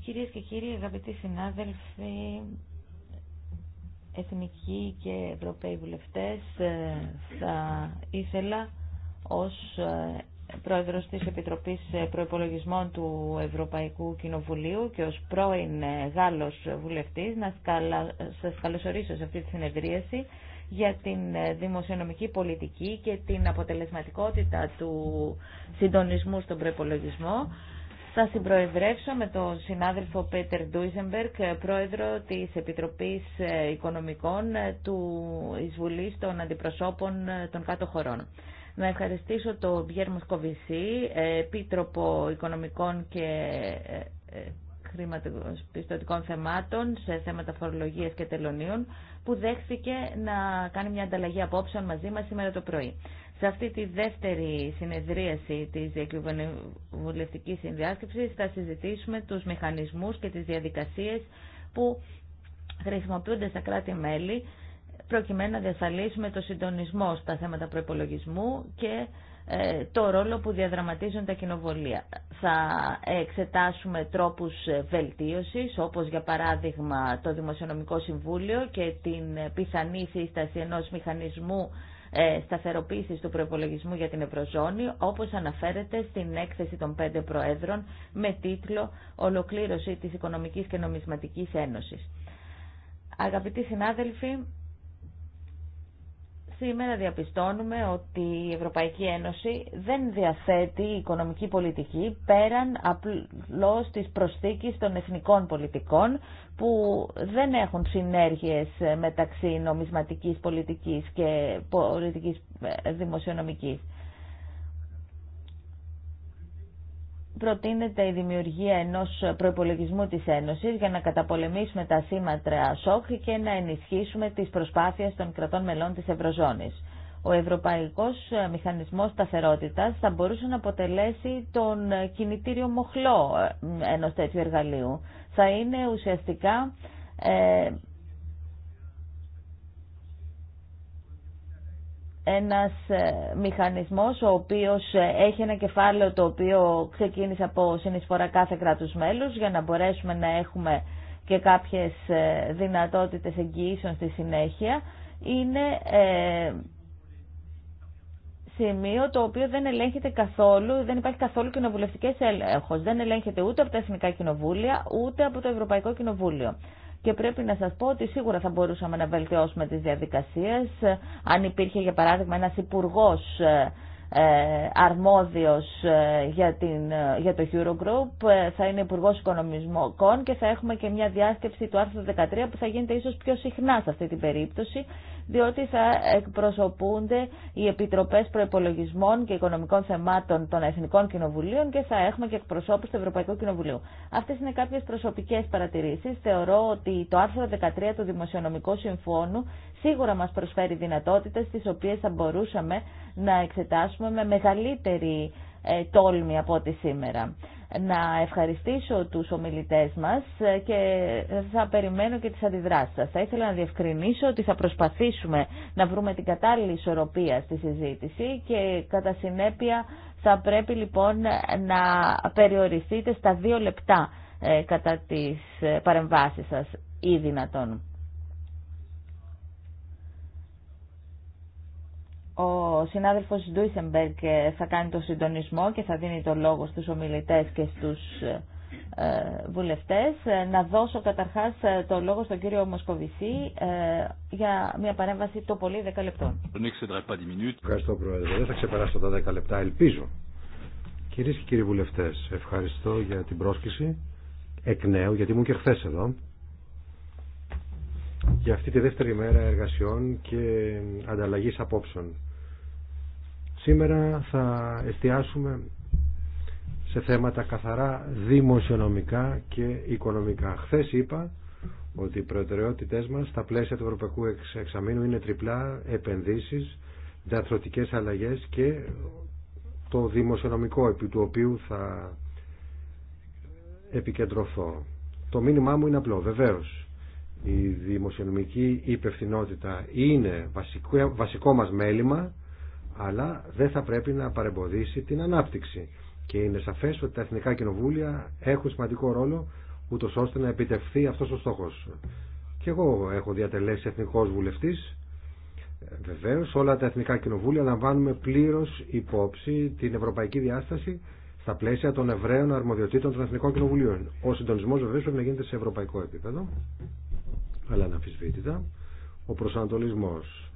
Κυρίες και κύριοι, αγαπητοί συνάδελφοι, εθνικοί και ευρωπαίοι βουλευτές, ε, θα ήθελα ως ε, πρόεδρος της Επιτροπής ε, Προϋπολογισμών του Ευρωπαϊκού Κοινοβουλίου και ως πρώην Γάλλος βουλευτής να σας καλωσορίσω σε αυτή τη συνεδρίαση για την ε, δημοσιονομική πολιτική και την αποτελεσματικότητα του συντονισμού στον προπολογισμό. Θα συμπροεδρεύσω με τον συνάδελφο Πέτερ Ντούιζενμπερκ, πρόεδρο της Επιτροπής ε, Οικονομικών ε, του Εισβουλής των Αντιπροσώπων των Κάτω Χωρών. Να ευχαριστήσω τον Πιέρ Μοσκοβισή, Επίτροπο Οικονομικών και χρηματοπιστωτικών θεμάτων, σε θέματα φορολογίας και τελωνίων, που δέχθηκε να κάνει μια ανταλλαγή απόψεων μαζί μας σήμερα το πρωί. Σε αυτή τη δεύτερη συνεδρίαση της Διακυβερνητική συνδιάσκεψης θα συζητήσουμε τους μηχανισμούς και τις διαδικασίες που χρησιμοποιούνται στα κράτη-μέλη προκειμένου να διασφαλίσουμε το συντονισμό στα θέματα προπολογισμού και ε, το ρόλο που διαδραματίζουν τα κοινοβολία. Θα εξετάσουμε τρόπους ε, βελτίωσης, όπως για παράδειγμα το Δημοσιονομικό Συμβούλιο και την πιθανή σύσταση ενός μηχανισμού ε, σταθεροποίησης του προπολογισμού για την Ευρωζώνη, όπως αναφέρεται στην έκθεση των πέντε προέδρων με τίτλο «Ολοκλήρωση της Οικονομικής και Νομισματικής Ένωσης». Αγαπητοί συνάδελφοι, Σήμερα διαπιστώνουμε ότι η Ευρωπαϊκή Ένωση δεν διαθέτει οικονομική πολιτική πέραν απλώς της προσθήκης των εθνικών πολιτικών που δεν έχουν συνέργειες μεταξύ νομισματικής πολιτικής και πολιτικής δημοσιονομικής. προτείνεται η δημιουργία ενός προϋπολογισμού της Ένωσης για να καταπολεμήσουμε τα σήματρα σοκ και να ενισχύσουμε τις προσπάθειες των κρατών μελών της Ευρωζώνης. Ο Ευρωπαϊκός Μηχανισμός Σταθερότητας θα μπορούσε να αποτελέσει τον κινητήριο μοχλό ε, ενός τέτοιου εργαλείου. Θα είναι ουσιαστικά ε, ένας ε, μηχανισμός ο οποίος ε, έχει ένα κεφάλαιο το οποίο ξεκίνησε από συνεισφορά κάθε κράτους μέλους για να μπορέσουμε να έχουμε και κάποιες ε, δυνατότητες εγγυήσεων στη συνέχεια είναι σημείο το οποίο δεν ελέγχεται καθόλου, δεν υπάρχει καθόλου κοινοβουλευτικές έλεγχο. Δεν ελέγχεται ούτε από τα Εθνικά Κοινοβούλια, ούτε από το Ευρωπαϊκό Κοινοβούλιο και πρέπει να σας πω ότι σίγουρα θα μπορούσαμε να βελτιώσουμε τις διαδικασίες αν υπήρχε για παράδειγμα ένας υπουργός ε, ε, αρμόδιος ε, για, την, ε, για το Eurogroup, θα είναι υπουργό Οικονομισμών και θα έχουμε και μια διάσκεψη του άρθρου 13 που θα γίνεται ίσως πιο συχνά σε αυτή την περίπτωση, διότι θα εκπροσωπούνται οι Επιτροπές Προϋπολογισμών και Οικονομικών Θεμάτων των Εθνικών Κοινοβουλίων και θα έχουμε και εκπροσώπους του Ευρωπαϊκού Κοινοβουλίου. Αυτές είναι κάποιες προσωπικές παρατηρήσεις. Θεωρώ ότι το άρθρο 13 του Δημοσιονομικού Συμφώνου σίγουρα μας προσφέρει δυνατότητες τις οποίες θα μπορούσαμε να εξετάσουμε με μεγαλύτερη ε, τόλμη από ό,τι σήμερα. Να ευχαριστήσω τους ομιλητές μας ε, και θα περιμένω και τις αντιδράσεις σας. Θα ήθελα να διευκρινίσω ότι θα προσπαθήσουμε να βρούμε την κατάλληλη ισορροπία στη συζήτηση και κατά συνέπεια θα πρέπει λοιπόν να περιοριστείτε στα δύο λεπτά ε, κατά τις παρεμβάσεις σας ή δυνατόν. Ο συνάδελφος Ντούισεμπερκ θα κάνει το συντονισμό και θα δίνει το λόγο στους ομιλητές και στους ε, βουλευτές. Ε, να δώσω καταρχάς ε, το λόγο στον κύριο Μοσκοβισή για μια παρέμβαση το πολύ 10 λεπτών. Ευχαριστώ Πρόεδρε. Δεν θα ξεπεράσω τα 10 λεπτά, ελπίζω. Κυρίες και κύριοι βουλευτές, ευχαριστώ για την πρόσκληση εκ νέου, γιατί ήμουν και χθε εδώ για αυτή τη δεύτερη μέρα εργασιών και ανταλλαγής απόψεων. Σήμερα θα εστιάσουμε σε θέματα καθαρά δημοσιονομικά και οικονομικά. Χθες είπα ότι οι προτεραιότητές μας στα πλαίσια του Ευρωπαϊκού Εξαμήνου είναι τριπλά επενδύσεις, διατροτικές αλλαγές και το δημοσιονομικό επί του οποίου θα επικεντρωθώ. Το μήνυμά μου είναι απλό, βεβαίως. Η δημοσιονομική υπευθυνότητα είναι βασικό, βασικό μας μέλημα, αλλά δεν θα πρέπει να παρεμποδίσει την ανάπτυξη. Και είναι σαφές ότι τα εθνικά κοινοβούλια έχουν σημαντικό ρόλο, ούτω ώστε να επιτευχθεί αυτός ο στόχος. Και εγώ έχω διατελέσει εθνικός βουλευτής, Βεβαίως όλα τα εθνικά κοινοβούλια λαμβάνουμε πλήρως υπόψη την ευρωπαϊκή διάσταση στα πλαίσια των ευραίων αρμοδιοτήτων των εθνικών κοινοβουλίων. Ο συντονισμό βεβαίω πρέπει να γίνεται σε ευρωπαϊκό επίπεδο αλλά αναμφισβήτητα ο προσανατολισμός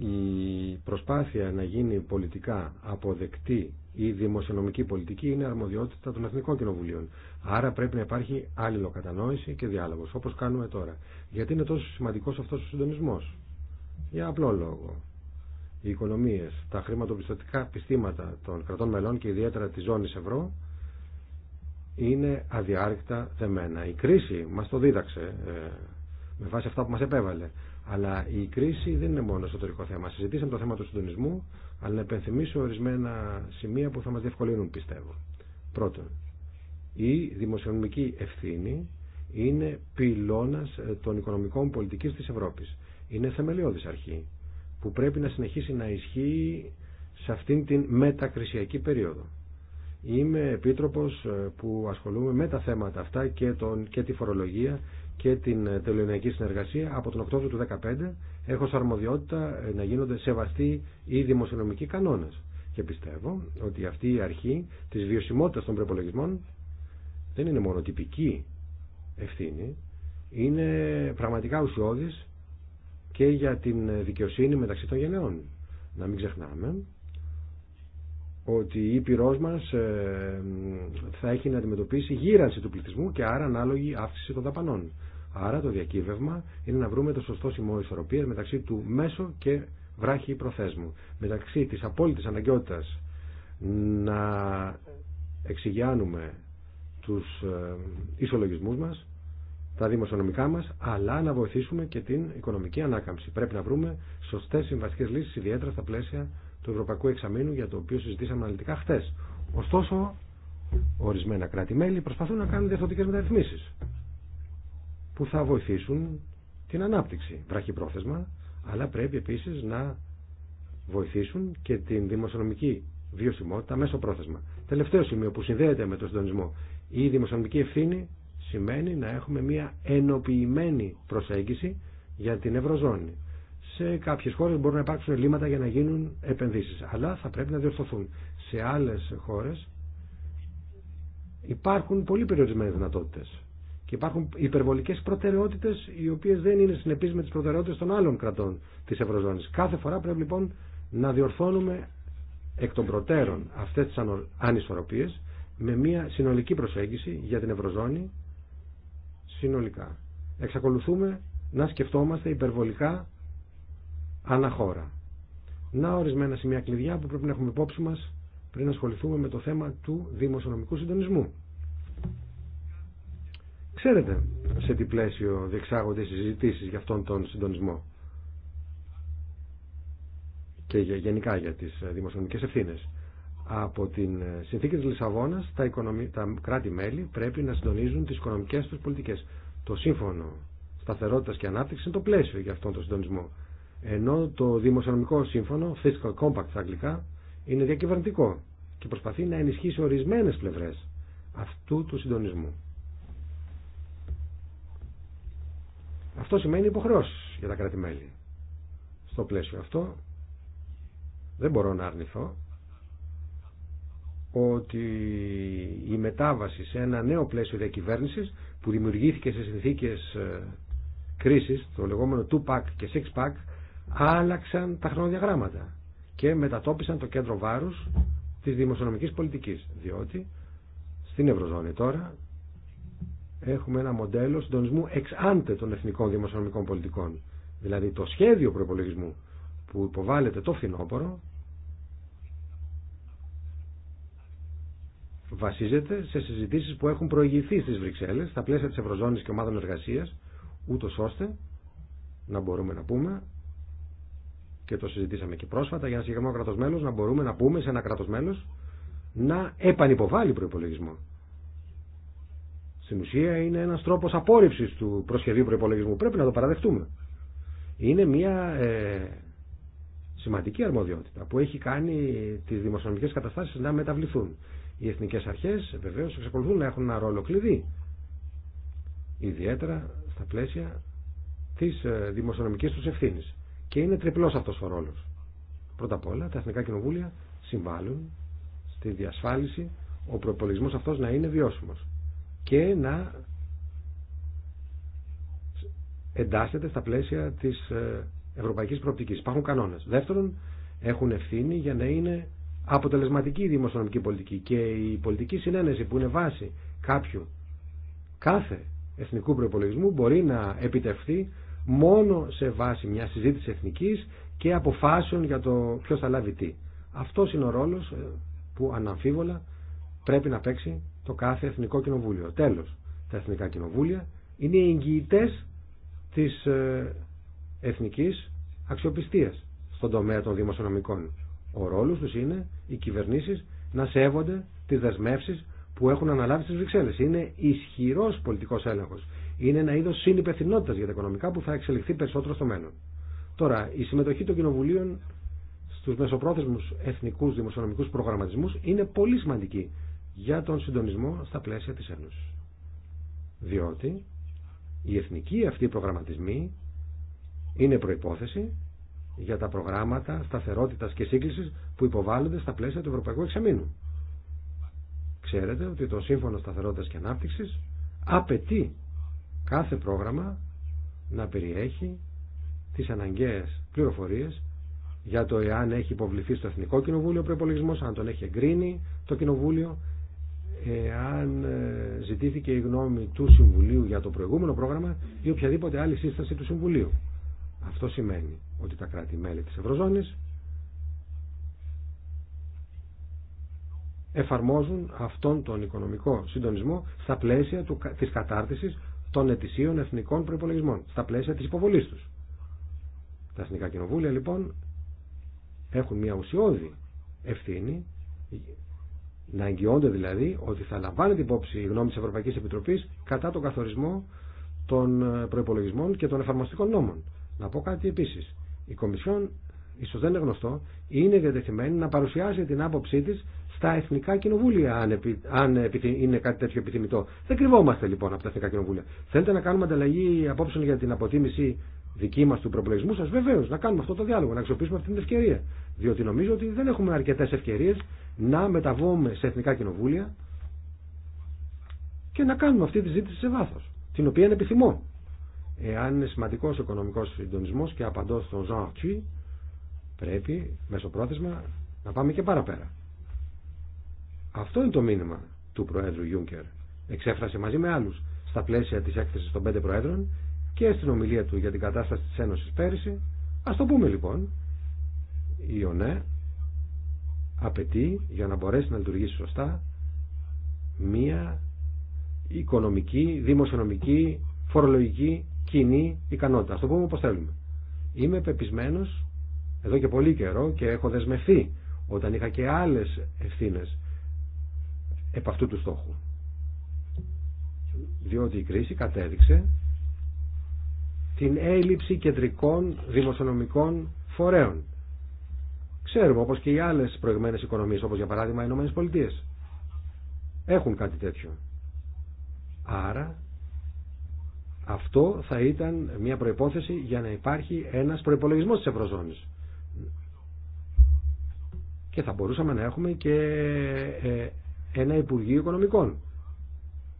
η προσπάθεια να γίνει πολιτικά αποδεκτή η δημοσιονομική πολιτική είναι αρμοδιότητα των Εθνικών Κοινοβουλίων. Άρα πρέπει να υπάρχει κατανοηση και διάλογος, όπως κάνουμε τώρα. Γιατί είναι τόσο σημαντικός αυτός ο συντονισμός. Για απλό λόγο. Οι οικονομίες, τα χρηματοπιστωτικά πιστήματα των κρατών μελών και ιδιαίτερα της ζώνης ευρώ είναι αδιάρρηκτα δεμένα. Η κρίση μας το δίδαξε ε, με βάση αυτά που μα επέβαλε. Αλλά η κρίση δεν είναι μόνο εσωτερικό θέμα. Συζητήσαμε το θέμα του συντονισμού, αλλά να επενθυμίσω ορισμένα σημεία που θα μα διευκολύνουν, πιστεύω. Πρώτον, η δημοσιονομική ευθύνη είναι πυλώνα ε, των οικονομικών πολιτική τη Ευρώπη. Είναι θεμελιώδη αρχή που πρέπει να συνεχίσει να ισχύει σε αυτήν την μετακρισιακή περίοδο. Είμαι επίτροπος ε, που ασχολούμαι με τα θέματα αυτά και, τον, και τη φορολογία και την ε, τελωνιακή συνεργασία από τον Οκτώβριο του 2015 έχω σαρμοδιότητα αρμοδιότητα ε, να γίνονται σεβαστοί οι δημοσιονομικοί κανόνε. Και πιστεύω ότι αυτή η αρχή της βιωσιμότητα των προπολογισμών δεν είναι μόνο τυπική ευθύνη, είναι πραγματικά ουσιώδης και για την ε, δικαιοσύνη μεταξύ των γενναιών. Να μην ξεχνάμε ότι η Ήπειρός μας ε, θα έχει να αντιμετωπίσει γύρανση του πληθυσμού και άρα ανάλογη αύξηση των δαπανών. Άρα το διακύβευμα είναι να βρούμε το σωστό σημείο ισορροπίας μεταξύ του μέσου και βράχη προθέσμου. Μεταξύ της απόλυτης αναγκαιότητας να εξηγιάνουμε τους ε, ισολογισμούς μας, τα δημοσιονομικά μας, αλλά να βοηθήσουμε και την οικονομική ανάκαμψη. Πρέπει να βρούμε σωστές συμβαστικέ λύσεις, ιδιαίτερα στα πλαίσια του Ευρωπαϊκού Εξαμήνου για το οποίο συζητήσαμε αναλυτικά χθε. Ωστόσο, ορισμένα κράτη-μέλη προσπαθούν να κάνουν διαφορετικέ μεταρρυθμίσει που θα βοηθήσουν την ανάπτυξη βραχυπρόθεσμα, αλλά πρέπει επίση να βοηθήσουν και την δημοσιονομική βιωσιμότητα μέσω πρόθεσμα. Τελευταίο σημείο που συνδέεται με τον συντονισμό. Η δημοσιονομική ευθύνη σημαίνει να έχουμε μια ενοποιημένη προσέγγιση για την Ευρωζώνη. Σε κάποιε χώρε μπορούν να υπάρξουν ελλείμματα για να γίνουν επενδύσει, αλλά θα πρέπει να διορθωθούν. Σε άλλε χώρε υπάρχουν πολύ περιορισμένε δυνατότητε και υπάρχουν υπερβολικέ προτεραιότητε οι οποίε δεν είναι συνεπεί με τι προτεραιότητε των άλλων κρατών τη Ευρωζώνη. Κάθε φορά πρέπει λοιπόν να διορθώνουμε εκ των προτέρων αυτέ τι ανισορροπίε με μια συνολική προσέγγιση για την Ευρωζώνη συνολικά. Εξακολουθούμε να σκεφτόμαστε υπερβολικά αναχώρα. Να ορισμένα σημεία κλειδιά που πρέπει να έχουμε υπόψη μας πριν ασχοληθούμε με το θέμα του δημοσιονομικού συντονισμού. Ξέρετε σε τι πλαίσιο διεξάγονται οι συζητήσεις για αυτόν τον συντονισμό και γενικά για τις ε, δημοσιονομικές ευθύνες. Από την ε, συνθήκη της Λισαβόνας τα, τα κράτη-μέλη πρέπει να συντονίζουν τις οικονομικές τους πολιτικές. Το σύμφωνο Σταθερότητα και ανάπτυξη είναι το πλαίσιο για αυτόν τον συντονισμό. Ενώ το Δημοσιονομικό Σύμφωνο, Fiscal Compact στα αγγλικά, είναι διακυβερνητικό και προσπαθεί να ενισχύσει ορισμένες πλευρές αυτού του συντονισμού. Αυτό σημαίνει υποχρεώσεις για τα κράτη-μέλη. Στο πλαίσιο αυτό δεν μπορώ να αρνηθώ ότι η μετάβαση σε ένα νέο πλαίσιο διακυβέρνηση που δημιουργήθηκε σε συνθήκε ε, κρίση, το λεγόμενο 2-pack και 6-pack, άλλαξαν τα χρονοδιαγράμματα και μετατόπισαν το κέντρο βάρους της δημοσιονομικής πολιτικής διότι στην Ευρωζώνη τώρα έχουμε ένα μοντέλο συντονισμού εξ άντε των εθνικών δημοσιονομικών πολιτικών δηλαδή το σχέδιο προπολογισμού που υποβάλλεται το φθινόπωρο βασίζεται σε συζητήσεις που έχουν προηγηθεί στις Βρυξέλλες στα πλαίσια της Ευρωζώνης και ομάδων εργασίας ούτω ώστε να μπορούμε να πούμε και το συζητήσαμε και πρόσφατα για ένα συγκεκριμένο μέλο να μπορούμε να πούμε σε ένα μέλο να επανυποβάλει προπολογισμό. Στην ουσία είναι ένα τρόπο απόρριψη του προσχεδίου προπολογισμού. Πρέπει να το παραδεχτούμε. Είναι μια ε, σημαντική αρμοδιότητα που έχει κάνει τι δημοσιονομικέ καταστάσει να μεταβληθούν. Οι εθνικέ αρχέ βεβαίω εξακολουθούν να έχουν ένα ρόλο κλειδί. Ιδιαίτερα στα πλαίσια τη ε, δημοσιονομική του ευθύνη. Και είναι τριπλό αυτό ο ρόλο. Πρώτα απ' όλα τα εθνικά κοινοβούλια συμβάλλουν στη διασφάλιση ο προπολογισμό αυτό να είναι βιώσιμο και να εντάσσεται στα πλαίσια τη ε, Ευρωπαϊκή προοπτική. Υπάρχουν κανόνε. Δεύτερον, έχουν ευθύνη για να είναι αποτελεσματική η δημοσιονομική πολιτική και η πολιτική συνένεση που είναι βάση κάποιου κάθε εθνικού προπολογισμού μπορεί να επιτευχθεί μόνο σε βάση μια συζήτηση εθνικής και αποφάσεων για το ποιο θα λάβει τι. Αυτός είναι ο ρόλος ε, που αναμφίβολα πρέπει να παίξει το κάθε εθνικό κοινοβούλιο. Τέλος, τα εθνικά κοινοβούλια είναι οι εγγυητέ της ε, εθνικής αξιοπιστίας στον τομέα των δημοσιονομικών. Ο ρόλος τους είναι οι κυβερνήσει να σέβονται τι δεσμεύσει που έχουν αναλάβει στι Βρυξέλλε. Είναι ισχυρό πολιτικό έλεγχο είναι ένα είδο συνυπευθυνότητα για τα οικονομικά που θα εξελιχθεί περισσότερο στο μέλλον. Τώρα, η συμμετοχή των κοινοβουλίων στου μεσοπρόθεσμου εθνικού δημοσιονομικού προγραμματισμού είναι πολύ σημαντική για τον συντονισμό στα πλαίσια τη Ένωση. Διότι οι εθνικοί αυτοί προγραμματισμοί είναι προπόθεση για τα προγράμματα σταθερότητα και σύγκληση που υποβάλλονται στα πλαίσια του Ευρωπαϊκού Εξαμήνου. Ξέρετε ότι το Σύμφωνο Σταθερότητα και Ανάπτυξη απαιτεί κάθε πρόγραμμα να περιέχει τις αναγκαίες πληροφορίες για το εάν έχει υποβληθεί στο Εθνικό Κοινοβούλιο ο προπολογισμό, αν τον έχει εγκρίνει το Κοινοβούλιο, εάν ε, ζητήθηκε η γνώμη του Συμβουλίου για το προηγούμενο πρόγραμμα ή οποιαδήποτε άλλη σύσταση του Συμβουλίου. Αυτό σημαίνει ότι τα κράτη-μέλη της Ευρωζώνης εφαρμόζουν αυτόν τον οικονομικό συντονισμό στα πλαίσια του, της κατάρτισης των ετησίων εθνικών προπολογισμών στα πλαίσια τη υποβολή του. Τα εθνικά κοινοβούλια λοιπόν έχουν μια ουσιώδη ευθύνη να εγγυώνται δηλαδή ότι θα λαμβάνεται υπόψη η γνώμη τη Ευρωπαϊκή Επιτροπή κατά τον καθορισμό των ε, προπολογισμών και των εφαρμοστικών νόμων. Να πω κάτι επίση. Η Κομισιόν, ίσω δεν είναι γνωστό, είναι διατεθειμένη να παρουσιάσει την άποψή τη στα εθνικά κοινοβούλια, αν, επι, είναι κάτι τέτοιο επιθυμητό. Δεν κρυβόμαστε λοιπόν από τα εθνικά κοινοβούλια. Θέλετε να κάνουμε ανταλλαγή απόψεων για την αποτίμηση δική μα του προπολογισμού σα, βεβαίω, να κάνουμε αυτό το διάλογο, να αξιοποιήσουμε αυτή την ευκαιρία. Διότι νομίζω ότι δεν έχουμε αρκετέ ευκαιρίε να μεταβούμε σε εθνικά κοινοβούλια και να κάνουμε αυτή τη ζήτηση σε βάθο, την οποία είναι επιθυμώ. Εάν είναι σημαντικό ο οικονομικό συντονισμό και απαντώ στον Ζαν πρέπει μέσω πρόθεσμα να πάμε και παραπέρα. Αυτό είναι το μήνυμα του Προέδρου Γιούγκερ. Εξέφρασε μαζί με άλλους στα πλαίσια τη έκθεση των πέντε Προέδρων και στην ομιλία του για την κατάσταση της Ένωση πέρυσι. Ας το πούμε λοιπόν, η ΟΝΕ απαιτεί για να μπορέσει να λειτουργήσει σωστά μία οικονομική, δημοσιονομική, φορολογική, κοινή ικανότητα. Α το πούμε όπω θέλουμε. Είμαι πεπισμένος εδώ και πολύ καιρό και έχω δεσμευθεί όταν είχα και άλλες ευθύνες επ' αυτού του στόχου. Διότι η κρίση κατέδειξε την έλλειψη κεντρικών δημοσιονομικών φορέων. Ξέρουμε όπως και οι άλλες προηγμένες οικονομίες, όπως για παράδειγμα οι Ηνωμένες Πολιτείες. Έχουν κάτι τέτοιο. Άρα αυτό θα ήταν μια προϋπόθεση για να υπάρχει ένας προϋπολογισμός της Ευρωζώνης. Και θα μπορούσαμε να έχουμε και ε, ένα Υπουργείο Οικονομικών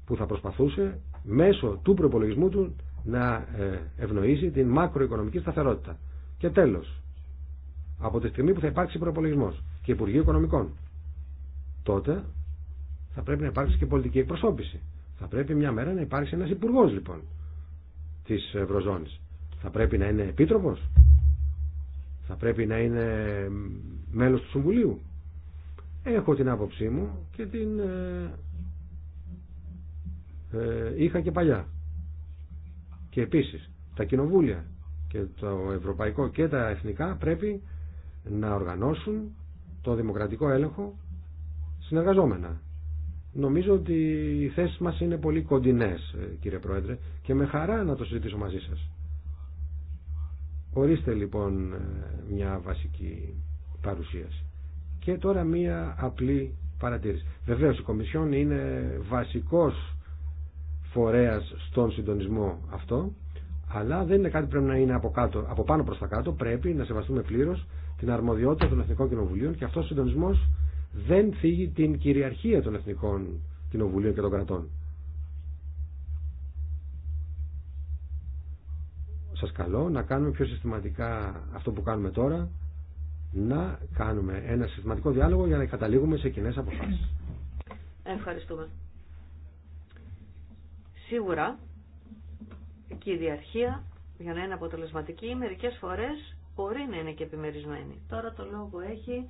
που θα προσπαθούσε μέσω του προπολογισμού του να ε, ευνοήσει την μακροοικονομική σταθερότητα. Και τέλος, από τη στιγμή που θα υπάρξει προπολογισμό και Υπουργείο Οικονομικών, τότε θα πρέπει να υπάρξει και πολιτική εκπροσώπηση. Θα πρέπει μια μέρα να υπάρξει ένας υπουργό λοιπόν τη Ευρωζώνη. Θα πρέπει να είναι επίτροπο, θα πρέπει να είναι μέλος του Συμβουλίου, Έχω την άποψή μου και την ε, ε, είχα και παλιά. Και επίσης τα κοινοβούλια και το ευρωπαϊκό και τα εθνικά πρέπει να οργανώσουν το δημοκρατικό έλεγχο συνεργαζόμενα. Νομίζω ότι οι θέσεις μας είναι πολύ κοντινές ε, κύριε Πρόεδρε και με χαρά να το συζητήσω μαζί σας. Ορίστε λοιπόν μια βασική παρουσίαση. Και τώρα μία απλή παρατήρηση. Βεβαίω, η Κομισιόν είναι βασικός φορέας στον συντονισμό αυτό, αλλά δεν είναι κάτι που πρέπει να είναι από, κάτω, από πάνω προς τα κάτω, πρέπει να σεβαστούμε πλήρως την αρμοδιότητα των Εθνικών Κοινοβουλίων και αυτός ο συντονισμός δεν θίγει την κυριαρχία των Εθνικών Κοινοβουλίων και των κρατών. Σας καλώ να κάνουμε πιο συστηματικά αυτό που κάνουμε τώρα να κάνουμε ένα συστηματικό διάλογο για να καταλήγουμε σε κοινέ αποφάσεις. Ευχαριστούμε. Σίγουρα και η διαρχία για να είναι αποτελεσματική Μερικέ φορές μπορεί να είναι και επιμερισμένη. Τώρα το λόγο έχει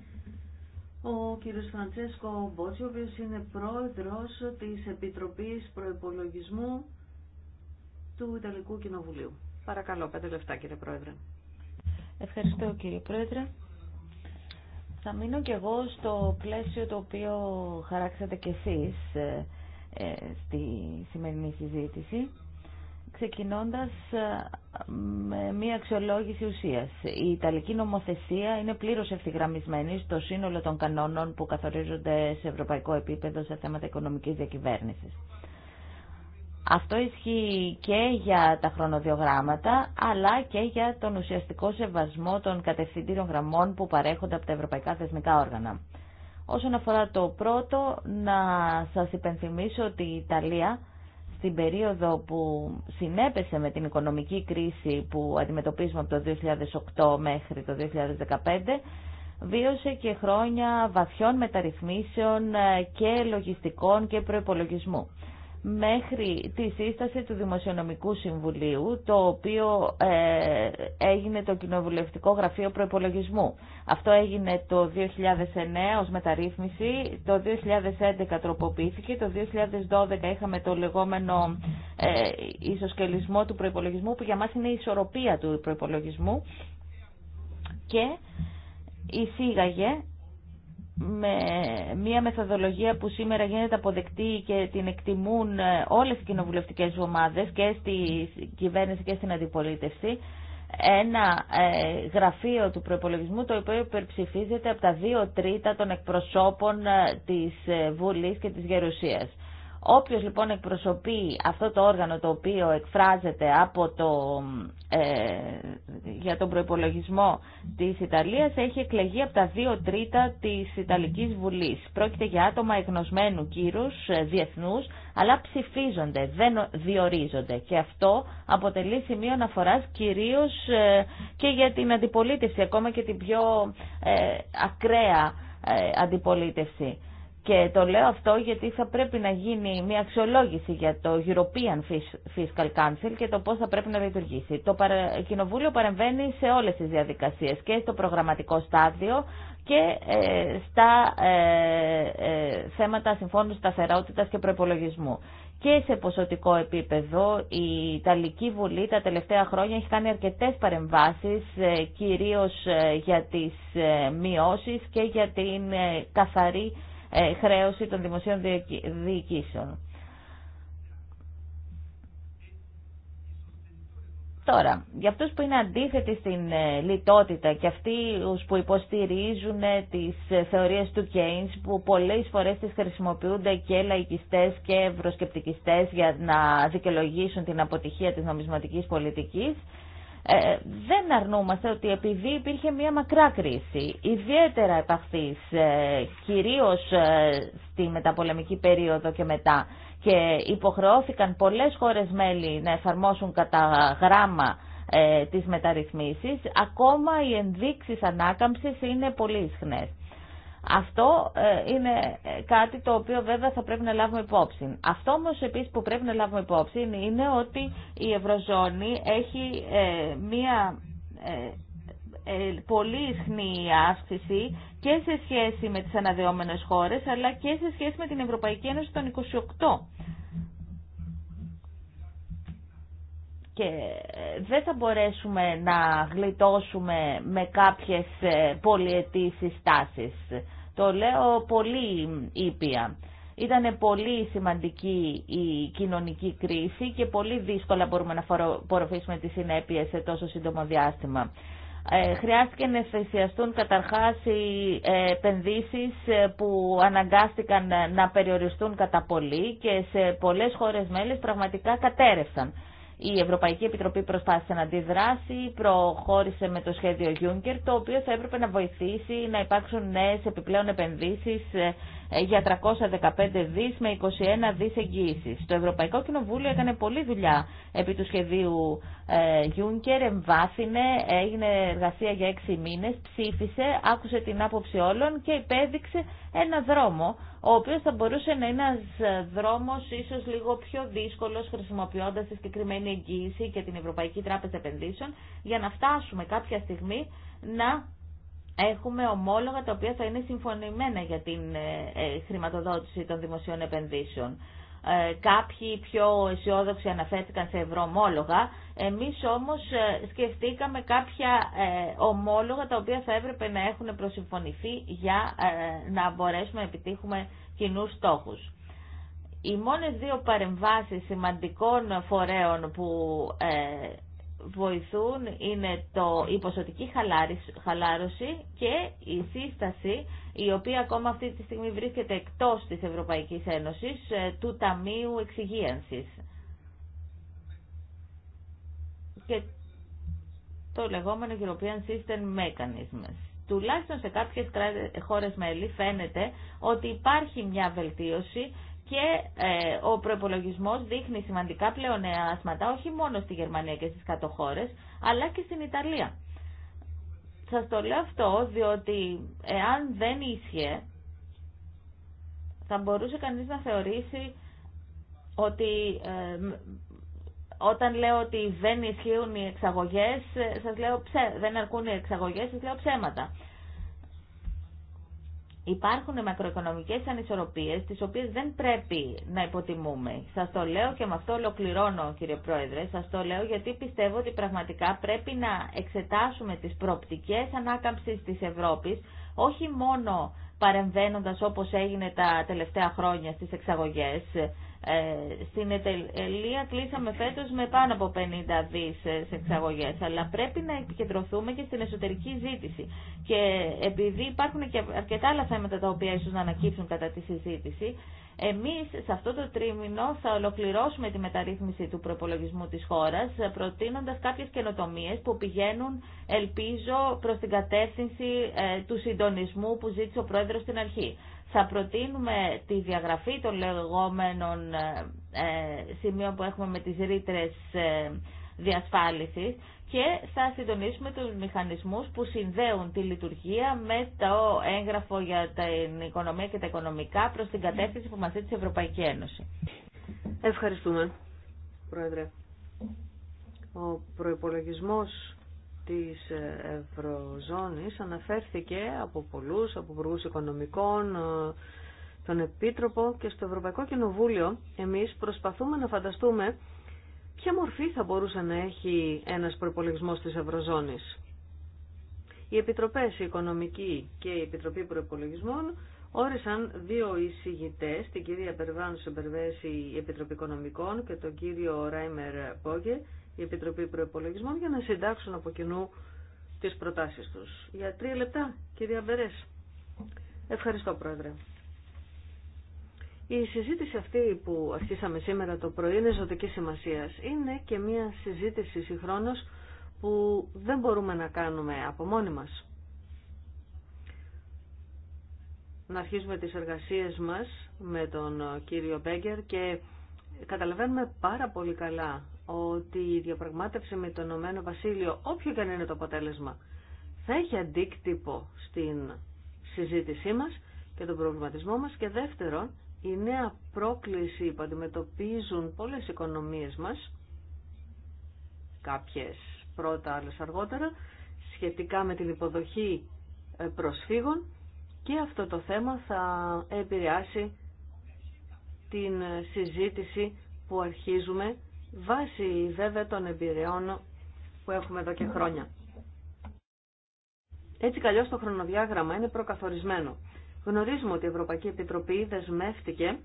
ο κύριος Φραντσέσκο Μπότσι, ο οποίος είναι πρόεδρος της Επιτροπής Προϋπολογισμού του Ιταλικού Κοινοβουλίου. Παρακαλώ, πέντε λεφτά κύριε Πρόεδρε. Ευχαριστώ κύριε Πρόεδρε. Θα μείνω κι εγώ στο πλαίσιο το οποίο χαράξατε κι εσείς ε, ε, στη σημερινή συζήτηση, ξεκινώντας ε, με μία αξιολόγηση ουσίας. Η Ιταλική νομοθεσία είναι πλήρως ευθυγραμμισμένη στο σύνολο των κανόνων που καθορίζονται σε ευρωπαϊκό επίπεδο σε θέματα οικονομικής διακυβέρνησης. Αυτό ισχύει και για τα χρονοδιογράμματα, αλλά και για τον ουσιαστικό σεβασμό των κατευθυντήριων γραμμών που παρέχονται από τα ευρωπαϊκά θεσμικά όργανα. Όσον αφορά το πρώτο, να σας υπενθυμίσω ότι η Ιταλία στην περίοδο που συνέπεσε με την οικονομική κρίση που αντιμετωπίζουμε από το 2008 μέχρι το 2015, βίωσε και χρόνια βαθιών μεταρρυθμίσεων ε, και λογιστικών και προϋπολογισμού μέχρι τη σύσταση του Δημοσιονομικού Συμβουλίου, το οποίο ε, έγινε το Κοινοβουλευτικό Γραφείο Προϋπολογισμού. Αυτό έγινε το 2009 ως μεταρρύθμιση, το 2011 τροποποιήθηκε, το 2012 είχαμε το λεγόμενο ε, ισοσκελισμό του προϋπολογισμού, που για μας είναι η ισορροπία του προϋπολογισμού και εισήγαγε με μια μεθοδολογία που σήμερα γίνεται αποδεκτή και την εκτιμούν ε, όλες οι κοινοβουλευτικές ομάδες και στη κυβέρνηση και στην αντιπολίτευση ένα ε, γραφείο του προπολογισμού το οποίο υπερψηφίζεται από τα δύο τρίτα των εκπροσώπων ε, της Βουλής και της Γερουσίας. Όποιος λοιπόν εκπροσωπεί αυτό το όργανο το οποίο εκφράζεται από το, ε, για τον προϋπολογισμό της Ιταλίας έχει εκλεγεί από τα δύο τρίτα της Ιταλικής Βουλής. Πρόκειται για άτομα εγνωσμένου κύρους ε, διεθνούς, αλλά ψηφίζονται, δεν διορίζονται. Και αυτό αποτελεί σημείο αναφοράς κυρίως ε, και για την αντιπολίτευση, ακόμα και την πιο ακραία αντιπολίτευση. Και το λέω αυτό γιατί θα πρέπει να γίνει μια αξιολόγηση για το European Fiscal Council και το πώς θα πρέπει να λειτουργήσει. Το Κοινοβούλιο παρεμβαίνει σε όλες τις διαδικασίες και στο προγραμματικό στάδιο και ε, στα ε, ε, θέματα συμφώνου σταθερότητας και προπολογισμού. Και σε ποσοτικό επίπεδο η Ιταλική Βουλή τα τελευταία χρόνια έχει κάνει αρκετές παρεμβάσεις κυρίως για τις μειώσεις και για την καθαρή ε, χρέωση των δημοσίων διοικήσεων. Τώρα, για αυτούς που είναι αντίθετοι στην ε, λιτότητα και αυτοί που υποστηρίζουν ε, τις θεωρίες του Keynes που πολλές φορές τις χρησιμοποιούνται και λαϊκιστές και ευρωσκεπτικιστές για να δικαιολογήσουν την αποτυχία της νομισματικής πολιτικής, ε, δεν αρνούμαστε ότι επειδή υπήρχε μια μακρά κρίση, ιδιαίτερα επαχθής, ε, κυρίως ε, στη μεταπολεμική περίοδο και μετά, και υποχρεώθηκαν πολλές χώρες μέλη να εφαρμόσουν κατά γράμμα ε, τις μεταρρυθμίσεις, ακόμα οι ενδείξεις ανάκαμψης είναι πολύ ισχνές. Αυτό ε, είναι ε, κάτι το οποίο βέβαια θα πρέπει να λάβουμε υπόψη. Αυτό όμω επίση που πρέπει να λάβουμε υπόψη είναι ότι η Ευρωζώνη έχει ε, μία πολύ ισχνή αύξηση και σε σχέση με τις αναδεόμενες χώρες αλλά και σε σχέση με την Ευρωπαϊκή Ένωση των 28. και ε, δεν θα μπορέσουμε να γλιτώσουμε με κάποιες ε, πολυετής συστάσεις. Το λέω πολύ ήπια. Ήταν πολύ σημαντική η κοινωνική κρίση και πολύ δύσκολα μπορούμε να απορροφήσουμε τις συνέπειες σε τόσο σύντομο διάστημα. Ε, χρειάστηκε να εφησιαστούν καταρχάς οι επενδύσεις που αναγκάστηκαν να περιοριστούν κατά πολύ και σε πολλές χώρες μέλες πραγματικά κατέρευσαν η Ευρωπαϊκή Επιτροπή προσπάθησε να αντιδράσει, προχώρησε με το σχέδιο Juncker, το οποίο θα έπρεπε να βοηθήσει να υπάρξουν νέες επιπλέον επενδύσεις ε, ε, για 315 δις με 21 δις εγγύησης. Το Ευρωπαϊκό Κοινοβούλιο έκανε πολλή δουλειά επί του σχεδίου Juncker, ε, εμβάθυνε, έγινε εργασία για έξι μήνες, ψήφισε, άκουσε την άποψη όλων και υπέδειξε ένα δρόμο, ο οποίος θα μπορούσε να είναι ένας δρόμος ίσως λίγο πιο δύσκολος χρησιμοποιώντας τη συγκεκριμένη εγγύηση και την Ευρωπαϊκή Τράπεζα Επενδύσεων για να φτάσουμε κάποια στιγμή να έχουμε ομόλογα τα οποία θα είναι συμφωνημένα για την ε, ε, χρηματοδότηση των δημοσίων επενδύσεων. Ε, κάποιοι πιο αισιόδοξοι αναφέρθηκαν σε ευρωομόλογα. Εμείς όμως σκεφτήκαμε κάποια ομόλογα τα οποία θα έπρεπε να έχουν προσυμφωνηθεί για να μπορέσουμε να επιτύχουμε κοινούς στόχους. Οι μόνες δύο παρεμβάσεις σημαντικών φορέων που βοηθούν είναι το, η ποσοτική χαλάρωση και η σύσταση η οποία ακόμα αυτή τη στιγμή βρίσκεται εκτός της Ευρωπαϊκής Ένωσης ε, του Ταμείου Εξυγίανσης. Και το λεγόμενο European System Mechanism. Τουλάχιστον σε κάποιες χώρες μέλη φαίνεται ότι υπάρχει μια βελτίωση και ε, ο προπολογισμό δείχνει σημαντικά πλεονεάσματα όχι μόνο στη Γερμανία και στις κατοχώρες, αλλά και στην Ιταλία. Σας το λέω αυτό διότι εάν δεν ίσχυε θα μπορούσε κανείς να θεωρήσει ότι ε, όταν λέω ότι δεν ισχύουν οι εξαγωγές, ε, σας λέω ψε, δεν αρκούν οι εξαγωγές, σας λέω ψέματα. Υπάρχουν μακροοικονομικές ανισορροπίες, τις οποίες δεν πρέπει να υποτιμούμε. Σας το λέω και με αυτό ολοκληρώνω, κύριε Πρόεδρε, σας το λέω γιατί πιστεύω ότι πραγματικά πρέπει να εξετάσουμε τις προοπτικές ανάκαμψης της Ευρώπης, όχι μόνο παρεμβαίνοντας όπως έγινε τα τελευταία χρόνια στις εξαγωγές, ε, στην εταιρεία κλείσαμε φέτος με πάνω από 50 δις ε, σε εξαγωγές, αλλά πρέπει να επικεντρωθούμε και στην εσωτερική ζήτηση. Και επειδή υπάρχουν και αρκετά άλλα θέματα τα οποία ίσως να ανακύψουν κατά τη συζήτηση, εμείς σε αυτό το τρίμηνο θα ολοκληρώσουμε τη μεταρρύθμιση του προπολογισμού της χώρας, προτείνοντας κάποιες καινοτομίε που πηγαίνουν, ελπίζω, προς την κατεύθυνση ε, του συντονισμού που ζήτησε ο Πρόεδρος στην αρχή θα προτείνουμε τη διαγραφή των λεγόμενων ε, σημείων που έχουμε με τις ρήτρες ε, διασφάλισης και θα συντονίσουμε τους μηχανισμούς που συνδέουν τη λειτουργία με το έγγραφο για την οικονομία και τα οικονομικά προς την κατεύθυνση που μας δίνει η Ευρωπαϊκή Ένωση. Ευχαριστούμε, Πρόεδρε. Ο προϋπολογισμός της Ευρωζώνης αναφέρθηκε από πολλούς, από υπουργού οικονομικών, ε, τον Επίτροπο και στο Ευρωπαϊκό Κοινοβούλιο εμείς προσπαθούμε να φανταστούμε ποια μορφή θα μπορούσε να έχει ένας προπολογισμό της Ευρωζώνης. Οι Επιτροπές Οικονομική και η Επιτροπή Προπολογισμών όρισαν δύο εισηγητέ, την κυρία Περβάνου Σεμπερβέση, η Επιτροπή Οικονομικών και τον κύριο Ράιμερ Πόγκε, η Επιτροπή Προπολογισμών για να συντάξουν από κοινού τις προτάσεις τους. Για τρία λεπτά, κυρία Μπερέ. Ευχαριστώ, Πρόεδρε. Η συζήτηση αυτή που αρχίσαμε σήμερα το πρωί είναι ζωτική σημασία. Είναι και μια συζήτηση συγχρόνω που δεν μπορούμε να κάνουμε από μόνοι μας. Να αρχίσουμε τις εργασίες μας με τον κύριο Μπέγκερ και καταλαβαίνουμε πάρα πολύ καλά ότι η διαπραγμάτευση με το Ηνωμένο Βασίλειο, όποιο και αν είναι το αποτέλεσμα, θα έχει αντίκτυπο στην συζήτησή μας και τον προβληματισμό μας και δεύτερον, η νέα πρόκληση που αντιμετωπίζουν πολλές οικονομίες μας, κάποιες πρώτα, άλλες αργότερα, σχετικά με την υποδοχή ε, προσφύγων και αυτό το θέμα θα επηρεάσει την ε, συζήτηση που αρχίζουμε βάσει βέβαια των εμπειριών που έχουμε εδώ και χρόνια. Έτσι καλώ το χρονοδιάγραμμα είναι προκαθορισμένο. Γνωρίζουμε ότι η Ευρωπαϊκή Επιτροπή δεσμεύτηκε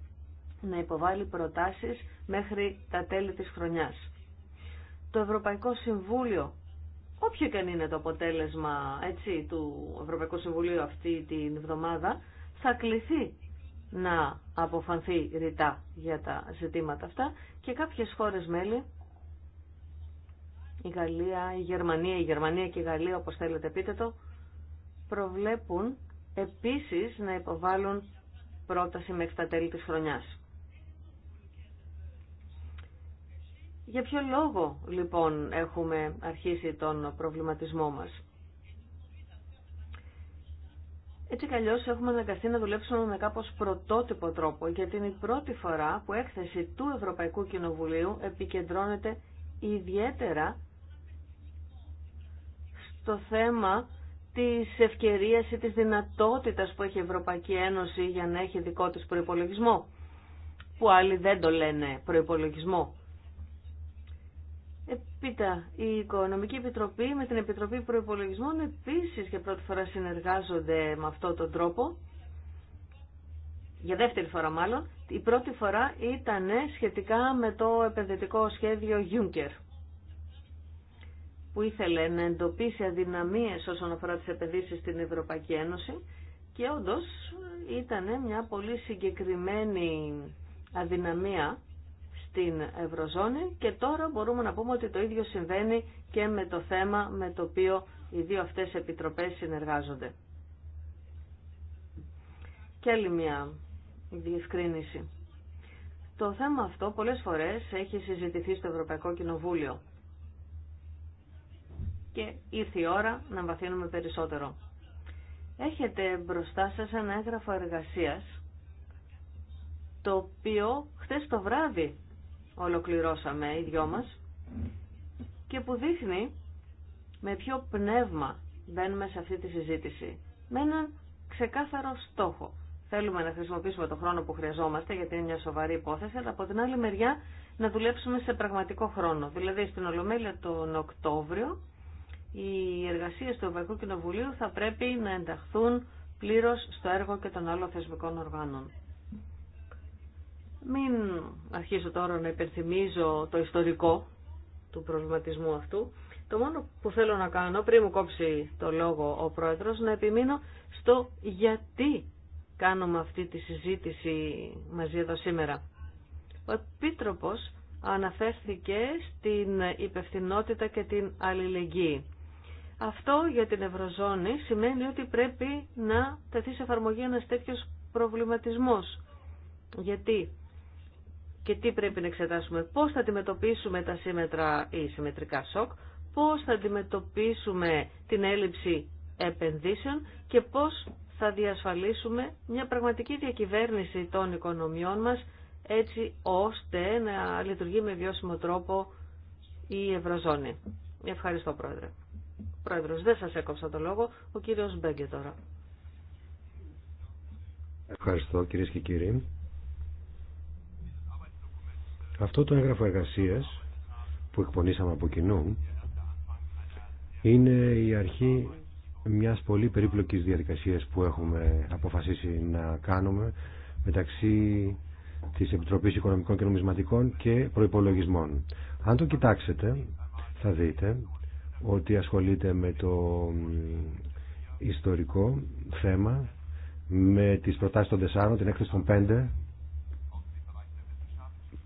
να υποβάλει προτάσεις μέχρι τα τέλη της χρονιάς. Το Ευρωπαϊκό Συμβούλιο, όποιο και αν είναι το αποτέλεσμα έτσι, του Ευρωπαϊκού Συμβουλίου αυτή την εβδομάδα, θα κληθεί να αποφανθεί ρητά για τα ζητήματα αυτά και κάποιες χώρες μέλη, η Γαλλία, η Γερμανία, η Γερμανία και η Γαλλία όπως θέλετε πείτε το, προβλέπουν επίσης να υποβάλουν πρόταση μέχρι τα τέλη της χρονιάς. Για ποιο λόγο λοιπόν έχουμε αρχίσει τον προβληματισμό μας. Έτσι κι αλλιώς έχουμε αναγκαστεί να δουλέψουμε με κάπως πρωτότυπο τρόπο, γιατί είναι η πρώτη φορά που έκθεση του Ευρωπαϊκού Κοινοβουλίου επικεντρώνεται ιδιαίτερα στο θέμα της ευκαιρίας ή της δυνατότητας που έχει η Ευρωπαϊκή Ένωση για να έχει δικό της προϋπολογισμό, που άλλοι δεν το λένε προϋπολογισμό. Επίτα, η Οικονομική Επιτροπή με την Επιτροπή Προϋπολογισμών επίσης για πρώτη φορά συνεργάζονται με αυτόν τον τρόπο. Για δεύτερη φορά μάλλον. Η πρώτη φορά ήταν σχετικά με το επενδυτικό σχέδιο Juncker που ήθελε να εντοπίσει αδυναμίες όσον αφορά τις επενδύσεις στην Ευρωπαϊκή Ένωση και όντως ήταν μια πολύ συγκεκριμένη αδυναμία στην Ευρωζώνη και τώρα μπορούμε να πούμε ότι το ίδιο συμβαίνει και με το θέμα με το οποίο οι δύο αυτές επιτροπές συνεργάζονται. Και άλλη μια διευκρίνηση. Το θέμα αυτό πολλές φορές έχει συζητηθεί στο Ευρωπαϊκό Κοινοβούλιο και ήρθε η ώρα να βαθύνουμε περισσότερο. Έχετε μπροστά σας ένα έγγραφο εργασίας το οποίο χτες το βράδυ ολοκληρώσαμε οι δυο μας και που δείχνει με ποιο πνεύμα μπαίνουμε σε αυτή τη συζήτηση. Με έναν ξεκάθαρο στόχο. Θέλουμε να χρησιμοποιήσουμε το χρόνο που χρειαζόμαστε γιατί είναι μια σοβαρή υπόθεση, αλλά από την άλλη μεριά να δουλέψουμε σε πραγματικό χρόνο. Δηλαδή στην Ολομέλεια τον Οκτώβριο οι εργασίες του Ευρωπαϊκού Κοινοβουλίου θα πρέπει να ενταχθούν πλήρως στο έργο και των άλλων θεσμικών οργάνων. Μην αρχίσω τώρα να υπενθυμίζω το ιστορικό του προβληματισμού αυτού. Το μόνο που θέλω να κάνω πριν μου κόψει το λόγο ο πρόεδρος να επιμείνω στο γιατί κάνουμε αυτή τη συζήτηση μαζί εδώ σήμερα. Ο Επίτροπος αναφέρθηκε στην υπευθυνότητα και την αλληλεγγύη. Αυτό για την Ευρωζώνη σημαίνει ότι πρέπει να τεθεί σε εφαρμογή ένας τέτοιος προβληματισμός. Γιατί και τι πρέπει να εξετάσουμε, πώς θα αντιμετωπίσουμε τα σύμμετρα ή συμμετρικά σοκ, πώς θα αντιμετωπίσουμε την έλλειψη επενδύσεων και πώς θα διασφαλίσουμε μια πραγματική διακυβέρνηση των οικονομιών μας έτσι ώστε να λειτουργεί με βιώσιμο τρόπο η Ευρωζώνη. Ευχαριστώ Πρόεδρε. Πρόεδρος, δεν σας έκοψα το λόγο. Ο κύριος Μπέγκε τώρα. Ευχαριστώ κυρίες και κύριοι. Αυτό το έγγραφο εργασία που εκπονήσαμε από κοινού είναι η αρχή μιας πολύ περίπλοκης διαδικασίας που έχουμε αποφασίσει να κάνουμε μεταξύ της Επιτροπής Οικονομικών και Νομισματικών και Προϋπολογισμών. Αν το κοιτάξετε θα δείτε ότι ασχολείται με το ιστορικό θέμα, με τις προτάσεις των τεσσάρων, την έκθεση των πέντε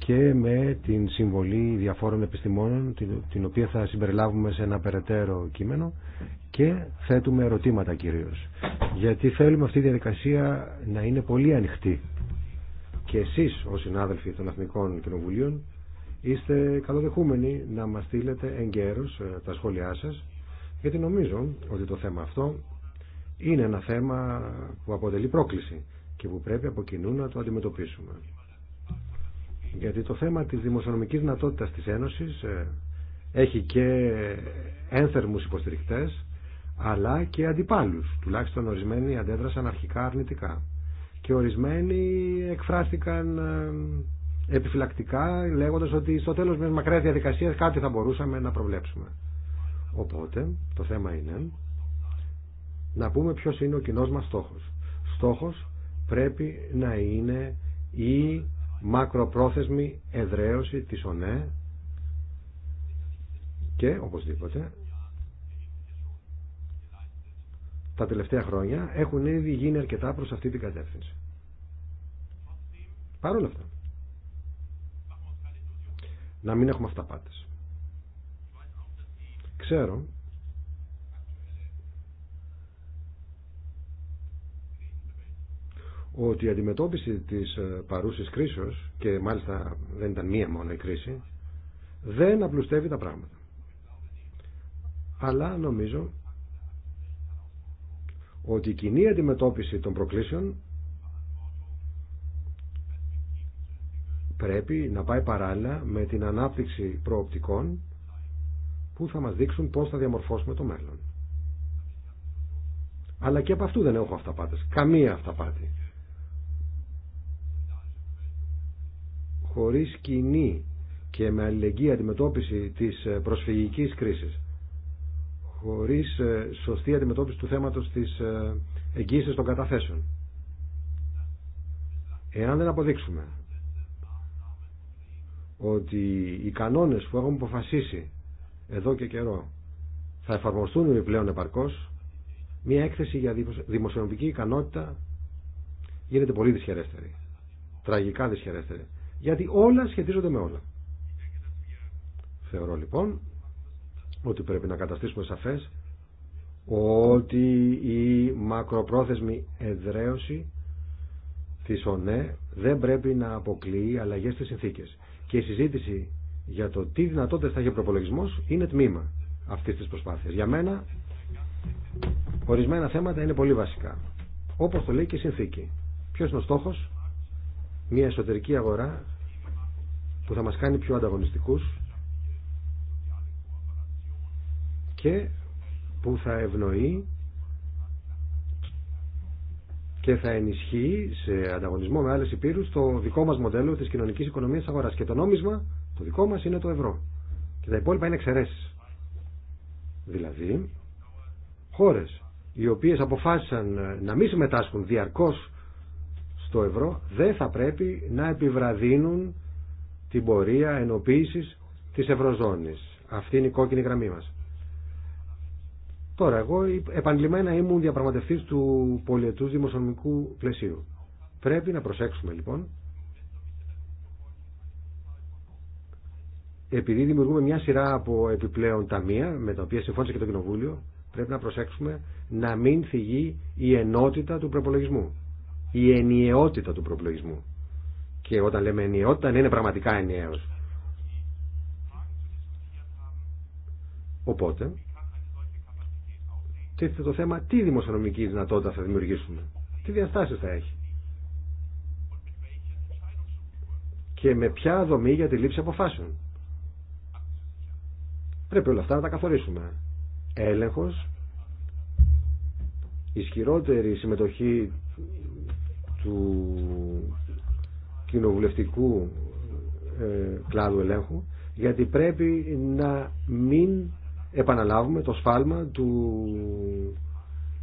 και με την συμβολή διαφόρων επιστημόνων την οποία θα συμπεριλάβουμε σε ένα περαιτέρω κείμενο και θέτουμε ερωτήματα κυρίως γιατί θέλουμε αυτή η διαδικασία να είναι πολύ ανοιχτή και εσείς ως συνάδελφοι των Εθνικών Κοινοβουλίων είστε καλοδεχούμενοι να μας στείλετε εγκαίρως ε, τα σχόλιά σας γιατί νομίζω ότι το θέμα αυτό είναι ένα θέμα που αποτελεί πρόκληση και που πρέπει από κοινού να το αντιμετωπίσουμε γιατί το θέμα της δημοσιονομικής δυνατότητας της Ένωσης ε, έχει και ένθερμους υποστηρικτές αλλά και αντιπάλους τουλάχιστον ορισμένοι αντέδρασαν αρχικά αρνητικά και ορισμένοι εκφράστηκαν ε, επιφυλακτικά λέγοντας ότι στο τέλος μιας μακράς διαδικασίας κάτι θα μπορούσαμε να προβλέψουμε οπότε το θέμα είναι να πούμε ποιος είναι ο κοινός μας στόχος στόχος πρέπει να είναι η μακροπρόθεσμη εδραίωση της ΟΝΕ και οπωσδήποτε τα τελευταία χρόνια έχουν ήδη γίνει αρκετά προς αυτή την κατεύθυνση. Παρ' όλα αυτά. Να μην έχουμε αυταπάτες. Ξέρω ότι η αντιμετώπιση της ε, παρούσης κρίσεως και μάλιστα δεν ήταν μία μόνο η κρίση δεν απλουστεύει τα πράγματα αλλά νομίζω ότι η κοινή αντιμετώπιση των προκλήσεων πρέπει να πάει παράλληλα με την ανάπτυξη προοπτικών που θα μας δείξουν πώς θα διαμορφώσουμε το μέλλον. Αλλά και από αυτού δεν έχω αυταπάτες. Καμία αυταπάτη. χωρίς κοινή και με αλληλεγγύη αντιμετώπιση της ε, προσφυγικής κρίσης, χωρίς ε, σωστή αντιμετώπιση του θέματος της ε, εγγύησης των καταθέσεων. Εάν δεν αποδείξουμε ότι οι κανόνες που έχουμε αποφασίσει εδώ και καιρό θα εφαρμοστούν πλέον επαρκώς, μια έκθεση για δημοσιονομική ικανότητα γίνεται πολύ δυσχερέστερη. Τραγικά δυσχερέστερη. Γιατί όλα σχετίζονται με όλα. Θεωρώ λοιπόν ότι πρέπει να καταστήσουμε σαφές ότι η μακροπρόθεσμη εδραίωση της ΟΝΕ δεν πρέπει να αποκλείει αλλαγές στις συνθήκες. Και η συζήτηση για το τι δυνατότητες θα έχει ο προπολογισμός είναι τμήμα αυτής της προσπάθειας. Για μένα ορισμένα θέματα είναι πολύ βασικά. Όπως το λέει και η συνθήκη. Ποιος είναι ο στόχος? Μια εσωτερική αγορά που θα μας κάνει πιο ανταγωνιστικούς και που θα ευνοεί και θα ενισχύει σε ανταγωνισμό με άλλες υπήρους το δικό μας μοντέλο της κοινωνικής οικονομίας αγοράς και το νόμισμα το δικό μας είναι το ευρώ και τα υπόλοιπα είναι εξαιρέσεις δηλαδή χώρες οι οποίες αποφάσισαν ε, να μην συμμετάσχουν διαρκώς στο ευρώ δεν θα πρέπει να επιβραδύνουν την πορεία ενοποίησης της Ευρωζώνης. Αυτή είναι η κόκκινη γραμμή μας. Τώρα, εγώ επανειλημμένα ήμουν διαπραγματευτής του πολιετούς δημοσιονομικού πλαισίου. Πρέπει να προσέξουμε λοιπόν, επειδή δημιουργούμε μια σειρά από επιπλέον ταμεία, με τα οποία συμφώνησε και το Κοινοβούλιο, πρέπει να προσέξουμε να μην θυγεί η ενότητα του προπολογισμού, η ενιαιότητα του προπολογισμού και όταν λέμε ενιαιότητα είναι πραγματικά ενιαίος. Οπότε, τίθεται το θέμα τι δημοσιονομική δυνατότητα θα δημιουργήσουμε, τι διαστάσεις θα έχει και με ποια δομή για τη λήψη αποφάσεων. Πρέπει όλα αυτά να τα καθορίσουμε. Έλεγχος, ισχυρότερη συμμετοχή του κοινοβουλευτικού ε, κλάδου ελέγχου γιατί πρέπει να μην επαναλάβουμε το σφάλμα του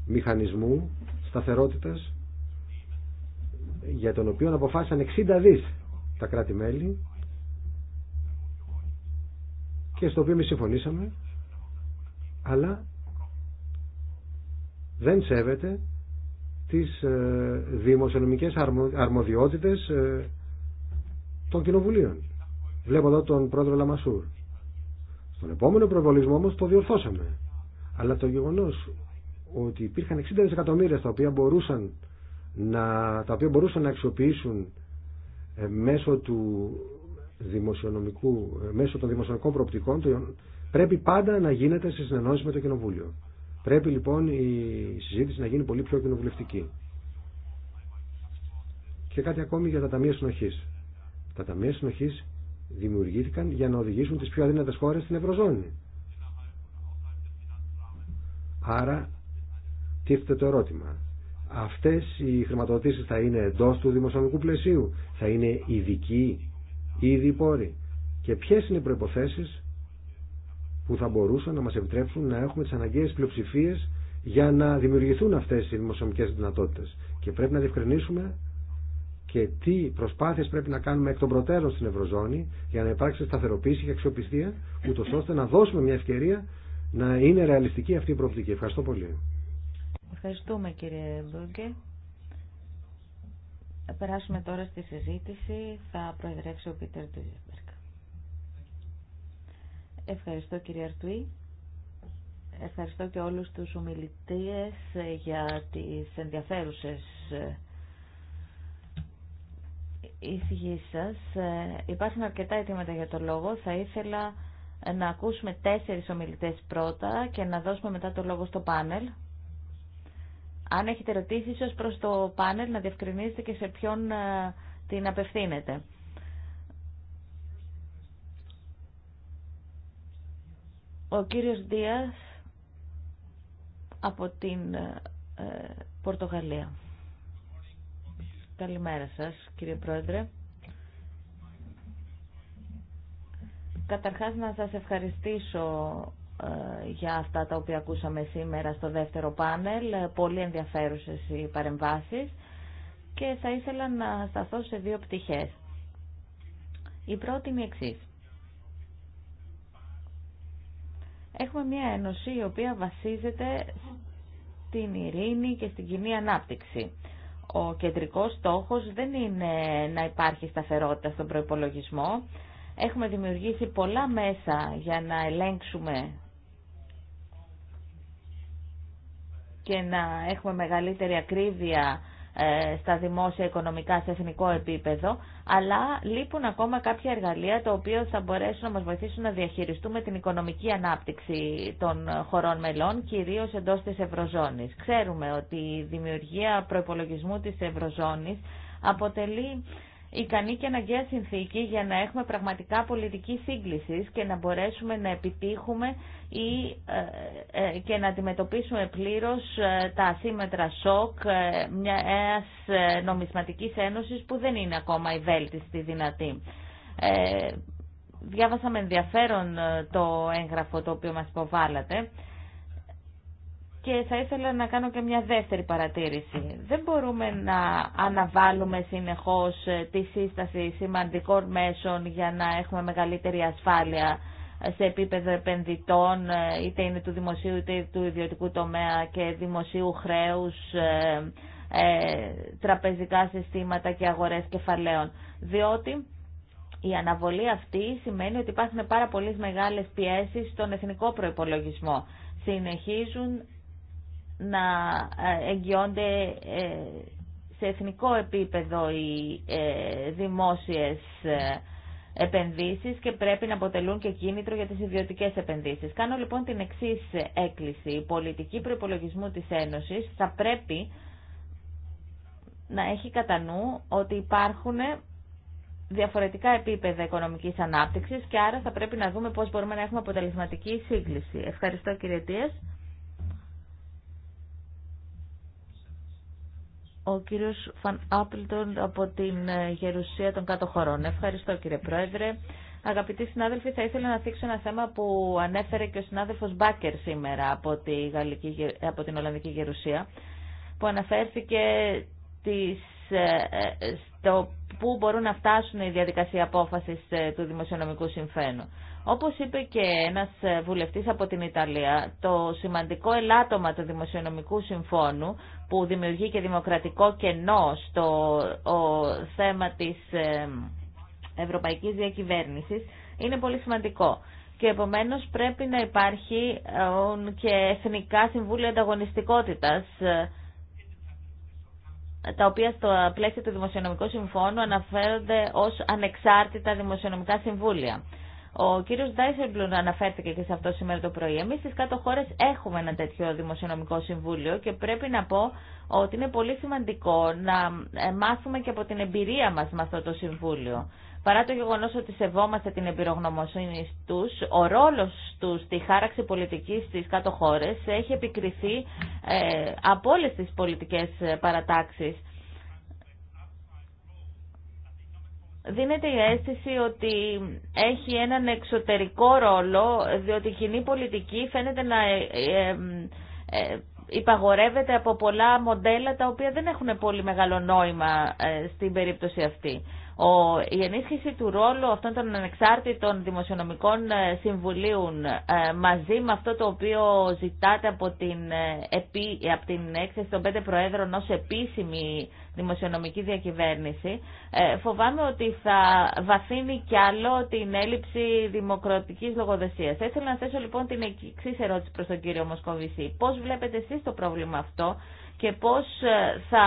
μηχανισμού σταθερότητας για τον οποίο αποφάσισαν 60 δις τα κράτη-μέλη και στο οποίο συμφωνήσαμε αλλά δεν σέβεται τις ε, δημοσιονομικές αρμοδιότητες ε, των κοινοβουλίων. Βλέπω εδώ τον πρόεδρο Λαμασούρ. Στον επόμενο προβολισμό όμω το διορθώσαμε. Αλλά το γεγονό ότι υπήρχαν 60 δισεκατομμύρια τα οποία μπορούσαν να, τα οποία μπορούσαν να αξιοποιήσουν ε, μέσω του δημοσιονομικού, ε, μέσω των δημοσιονομικών προοπτικών πρέπει πάντα να γίνεται σε συνεννόηση με το Κοινοβούλιο. Πρέπει λοιπόν η συζήτηση να γίνει πολύ πιο κοινοβουλευτική. Και κάτι ακόμη για τα ταμεία συνοχής. Τα ταμεία συνοχή δημιουργήθηκαν για να οδηγήσουν τις πιο αδύνατες χώρες στην Ευρωζώνη. Άρα, τίθεται το ερώτημα. Αυτές οι χρηματοδοτήσει θα είναι εντό του δημοσιονομικού πλαισίου, θα είναι ειδικοί ή διπόροι και ποιε είναι οι προποθέσει που θα μπορούσαν να μας επιτρέψουν να έχουμε τι αναγκαίε πλειοψηφίε για να δημιουργηθούν αυτέ οι δημοσιονομικέ δυνατότητε Και πρέπει να διευκρινίσουμε και τι προσπάθειες πρέπει να κάνουμε εκ των προτέρων στην Ευρωζώνη για να υπάρξει σταθεροποίηση και αξιοπιστία, ούτω ώστε να δώσουμε μια ευκαιρία να είναι ρεαλιστική αυτή η προοπτική. Ευχαριστώ πολύ. Ευχαριστούμε κύριε Μπούγκε. Θα περάσουμε τώρα στη συζήτηση. Θα προεδρεύσει ο Πίτερ Ευχαριστώ κύριε Αρτουή. Ευχαριστώ και όλους τους ομιλητές για τις ενδιαφέρουσες σα. Ε, υπάρχουν αρκετά αιτήματα για το λόγο. Θα ήθελα ε, να ακούσουμε τέσσερις ομιλητές πρώτα και να δώσουμε μετά το λόγο στο πάνελ. Αν έχετε ερωτήσεις ως προς το πάνελ, να διευκρινίσετε και σε ποιον ε, την απευθύνετε. Ο κύριος Δίας από την Πορτογαλία. Καλημέρα σας, κύριε Πρόεδρε. Καταρχάς να σας ευχαριστήσω ε, για αυτά τα οποία ακούσαμε σήμερα στο δεύτερο πάνελ. Πολύ ενδιαφέρουσες οι παρεμβάσεις και θα ήθελα να σταθώ σε δύο πτυχές. Η πρώτη είναι η εξής. Έχουμε μια ένωση η οποία βασίζεται στην ειρήνη και στην κοινή ανάπτυξη ο κεντρικός στόχος δεν είναι να υπάρχει σταθερότητα στον προϋπολογισμό. Έχουμε δημιουργήσει πολλά μέσα για να ελέγξουμε και να έχουμε μεγαλύτερη ακρίβεια ε, στα δημόσια οικονομικά σε εθνικό επίπεδο, αλλά λείπουν ακόμα κάποια εργαλεία τα οποία θα μπορέσουν να μας βοηθήσουν να διαχειριστούμε την οικονομική ανάπτυξη των χωρών μελών, κυρίως εντός της Ευρωζώνης. Ξέρουμε ότι η δημιουργία προπολογισμού της Ευρωζώνης αποτελεί ικανή και αναγκαία συνθήκη για να έχουμε πραγματικά πολιτική σύγκληση και να μπορέσουμε να επιτύχουμε ή, ε, ε, και να αντιμετωπίσουμε πλήρως ε, τα ασύμετρα σοκ μιας νομισματικής ένωσης που δεν είναι ακόμα η βέλτιστη δυνατή. διάβασα με ενδιαφέρον το έγγραφο το οποίο μας υποβάλλατε και θα ήθελα να κάνω και μια δεύτερη παρατήρηση. Δεν μπορούμε να αναβάλουμε συνεχώς ε, τη σύσταση σημαντικών μέσων για να έχουμε μεγαλύτερη ασφάλεια ε, σε επίπεδο επενδυτών, ε, είτε είναι του δημοσίου είτε του ιδιωτικού τομέα και δημοσίου χρέους, τραπεζικά συστήματα και αγορές κεφαλαίων. Διότι η αναβολή αυτή σημαίνει ότι υπάρχουν πάρα πολλές μεγάλες πιέσεις στον εθνικό προϋπολογισμό. Συνεχίζουν να ε, εγγυώνται ε, σε εθνικό επίπεδο οι ε, δημόσιες επενδύσεις και πρέπει να αποτελούν και κίνητρο για τις ιδιωτικές επενδύσεις. Κάνω λοιπόν την εξής έκκληση. Η πολιτική προπολογισμού της Ένωσης θα πρέπει να έχει κατά νου ότι υπάρχουν διαφορετικά επίπεδα οικονομικής ανάπτυξης και άρα θα πρέπει να δούμε πώς μπορούμε να έχουμε αποτελεσματική σύγκληση. Ευχαριστώ κύριε Τίες. ο κύριος Φαν Άπλτον από την ε, Γερουσία των Κάτω Χωρών. Ευχαριστώ κύριε Πρόεδρε. Αγαπητοί συνάδελφοι, θα ήθελα να θίξω ένα θέμα που ανέφερε και ο συνάδελφος Μπάκερ σήμερα από, τη Γαλλική, από την Ολλανδική Γερουσία, που αναφέρθηκε τις, ε, ε, στο πού μπορούν να φτάσουν η διαδικασία απόφασης του δημοσιονομικού συμφένου. Όπως είπε και ένας βουλευτής από την Ιταλία, το σημαντικό ελάττωμα του Δημοσιονομικού Συμφώνου που δημιουργεί και δημοκρατικό κενό στο ο, θέμα της ε, ευρωπαϊκής διακυβέρνησης είναι πολύ σημαντικό. Και επομένως πρέπει να υπάρχει ε, και εθνικά συμβούλια ανταγωνιστικότητας ε, τα οποία στο πλαίσιο του Δημοσιονομικού Συμφώνου αναφέρονται ως ανεξάρτητα δημοσιονομικά συμβούλια. Ο κύριο Ντάισελμπλουμ αναφέρθηκε και σε αυτό σήμερα το πρωί. Εμεί στι κάτω χώρε έχουμε ένα τέτοιο δημοσιονομικό συμβούλιο και πρέπει να πω ότι είναι πολύ σημαντικό να ε, μάθουμε και από την εμπειρία μα με αυτό το συμβούλιο. Παρά το γεγονό ότι σεβόμαστε την εμπειρογνωμοσύνη του, ο ρόλο του στη χάραξη πολιτική στι κάτω χώρε έχει επικριθεί ε, από όλε τι πολιτικέ ε, παρατάξει δίνεται η αίσθηση ότι έχει έναν εξωτερικό ρόλο, διότι η κοινή πολιτική φαίνεται να ε, ε, ε, υπαγορεύεται από πολλά μοντέλα τα οποία δεν έχουν πολύ μεγάλο νόημα στην περίπτωση αυτή. Ο, η ενίσχυση του ρόλου αυτών των ανεξάρτητων δημοσιονομικών ε, συμβουλίων ε, μαζί με αυτό το οποίο ζητάτε από την, ε, από την έκθεση των πέντε προέδρων ως επίσημη δημοσιονομική διακυβέρνηση φοβάμαι ότι θα βαθύνει κι άλλο την έλλειψη δημοκρατικής λογοδοσίας Θα ήθελα να θέσω λοιπόν την εξή ερώτηση προς τον κύριο Μοσκοβισή. Πώς βλέπετε εσείς το πρόβλημα αυτό και πώς θα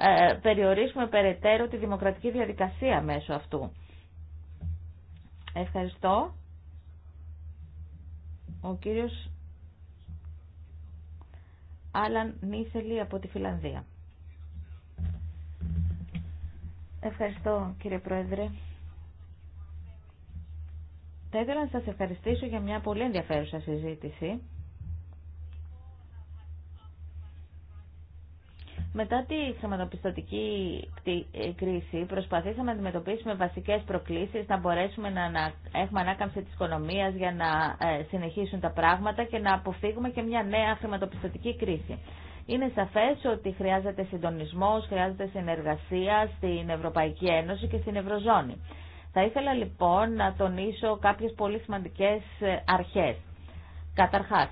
ε, περιορίσουμε περαιτέρω τη δημοκρατική διαδικασία μέσω αυτού. Ευχαριστώ. Ο κύριος Άλαν Νίσελη από τη Φιλανδία. Ευχαριστώ κύριε Πρόεδρε. Θα ήθελα να σας ευχαριστήσω για μια πολύ ενδιαφέρουσα συζήτηση. Μετά τη χρηματοπιστωτική ε, κρίση προσπαθήσαμε να αντιμετωπίσουμε βασικές προκλήσεις, να μπορέσουμε να έχουμε ανάκαμψη της οικονομίας για να ε, συνεχίσουν τα πράγματα και να αποφύγουμε και μια νέα χρηματοπιστωτική κρίση. Είναι σαφές ότι χρειάζεται συντονισμός, χρειάζεται συνεργασία στην Ευρωπαϊκή Ένωση και στην Ευρωζώνη. Θα ήθελα λοιπόν να τονίσω κάποιες πολύ σημαντικές ε, αρχές. Καταρχάς,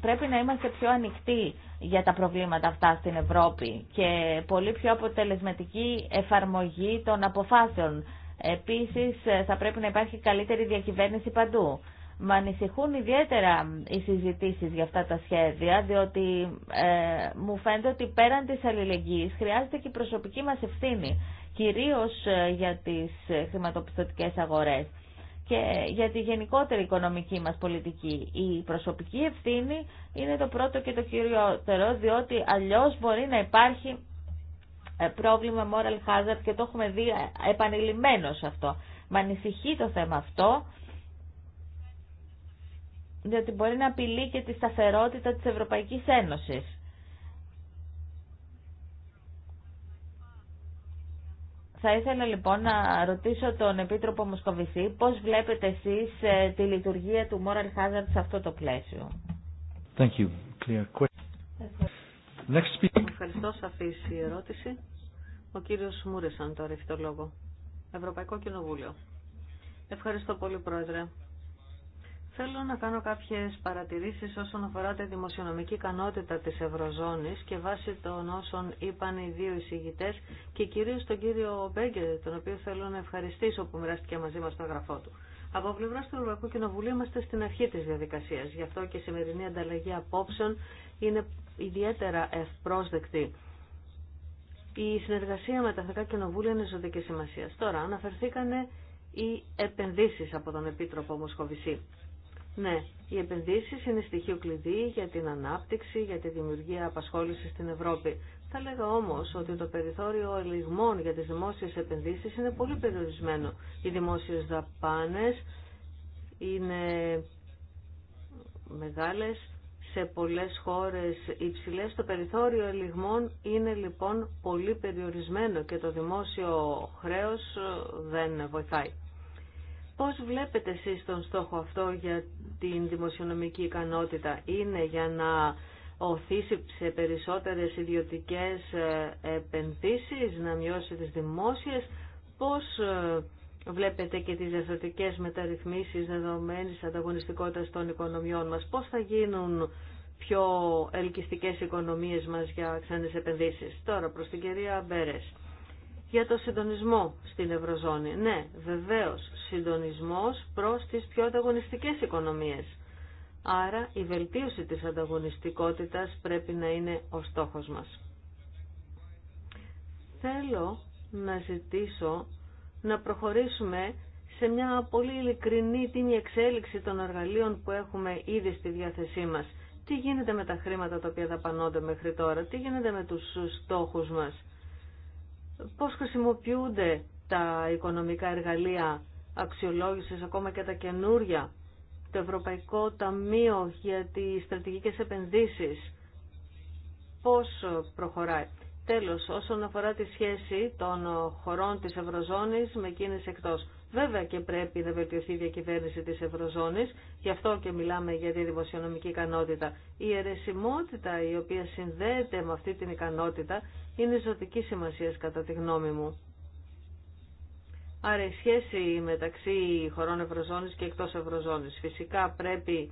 πρέπει να είμαστε πιο ανοιχτοί για τα προβλήματα αυτά στην Ευρώπη και πολύ πιο αποτελεσματική εφαρμογή των αποφάσεων. Επίσης, θα πρέπει να υπάρχει καλύτερη διακυβέρνηση παντού. Μα ανησυχούν ιδιαίτερα οι συζητήσεις για αυτά τα σχέδια, διότι ε, μου φαίνεται ότι πέραν της αλληλεγγύης χρειάζεται και η προσωπική μας ευθύνη, κυρίως ε, για τις ε, χρηματοπιστωτικές αγορές και για τη γενικότερη οικονομική μας πολιτική. Η προσωπική ευθύνη είναι το πρώτο και το κυριότερο, διότι αλλιώς μπορεί να υπάρχει ε, πρόβλημα moral hazard και το έχουμε δει ε, επανειλημμένος αυτό. Μα ανησυχεί το θέμα αυτό, διότι μπορεί να απειλεί και τη σταθερότητα της Ευρωπαϊκής Ένωσης. Θα ήθελα λοιπόν να ρωτήσω τον Επίτροπο Μοσκοβισή πώς βλέπετε εσείς ε, τη λειτουργία του Moral Hazard σε αυτό το πλαίσιο. Thank you. Clear Next Ευχαριστώ, σαφής η ερώτηση. Ο κύριος Μούρεσαν τώρα έχει το λόγο. Ευρωπαϊκό Κοινοβούλιο. Ευχαριστώ πολύ, Πρόεδρε. Θέλω να κάνω κάποιες παρατηρήσεις όσον αφορά τη δημοσιονομική ικανότητα της Ευρωζώνης και βάσει των όσων είπαν οι δύο εισηγητές και κυρίως τον κύριο Μπέγκερ, τον οποίο θέλω να ευχαριστήσω που μοιράστηκε μαζί μας το γραφό του. Από πλευρά του Ευρωπαϊκού Κοινοβουλίου είμαστε στην αρχή της διαδικασίας, γι' αυτό και η σημερινή ανταλλαγή απόψεων είναι ιδιαίτερα ευπρόσδεκτη. Η συνεργασία με τα Εθνικά Κοινοβούλια είναι ζωτική σημασία. Τώρα, αναφερθήκανε οι επενδύσεις από τον Επίτροπο Μοσχοβησή. Ναι, οι επενδύσεις είναι στοιχείο κλειδί για την ανάπτυξη, για τη δημιουργία απασχόλησης στην Ευρώπη. Θα λέγα όμως ότι το περιθώριο ελιγμών για τις δημόσιες επενδύσεις είναι πολύ περιορισμένο. Οι δημόσιες δαπάνες είναι μεγάλες, σε πολλές χώρες υψηλές. Το περιθώριο ελιγμών είναι λοιπόν πολύ περιορισμένο και το δημόσιο χρέος δεν βοηθάει. Πώς βλέπετε εσείς τον στόχο αυτό για την δημοσιονομική ικανότητα είναι για να οθήσει σε περισσότερες ιδιωτικές ε, επενδύσεις, να μειώσει τις δημόσιες, πώς ε, βλέπετε και τις διαστατικές μεταρρυθμίσεις δεδομένης ανταγωνιστικότητας των οικονομιών μας, πώς θα γίνουν πιο ελκυστικές οικονομίες μας για ξένες επενδύσεις. Τώρα προς την κυρία Μπέρες για το συντονισμό στην Ευρωζώνη. Ναι, βεβαίως, συντονισμός προς τις πιο ανταγωνιστικές οικονομίες. Άρα η βελτίωση της ανταγωνιστικότητας πρέπει να είναι ο στόχος μας. Θέλω να ζητήσω να προχωρήσουμε σε μια πολύ ειλικρινή τίνη εξέλιξη των εργαλείων που έχουμε ήδη στη διάθεσή μας. Τι γίνεται με τα χρήματα τα οποία δαπανώνται μέχρι τώρα, τι γίνεται με τους στόχους μας πώς χρησιμοποιούνται τα οικονομικά εργαλεία αξιολόγησης, ακόμα και τα καινούρια, το Ευρωπαϊκό Ταμείο για τις στρατηγικές επενδύσεις, πώς προχωράει. Τέλος, όσον αφορά τη σχέση των χωρών της Ευρωζώνης με εκείνες εκτός. Βέβαια και πρέπει να βελτιωθεί η διακυβέρνηση της Ευρωζώνης, γι' αυτό και μιλάμε για τη δημοσιονομική ικανότητα. Η αιρεσιμότητα η οποία συνδέεται με αυτή την ικανότητα είναι ζωτική σημασία κατά τη γνώμη μου. Άρα η σχέση μεταξύ χωρών Ευρωζώνης και εκτός Ευρωζώνης φυσικά πρέπει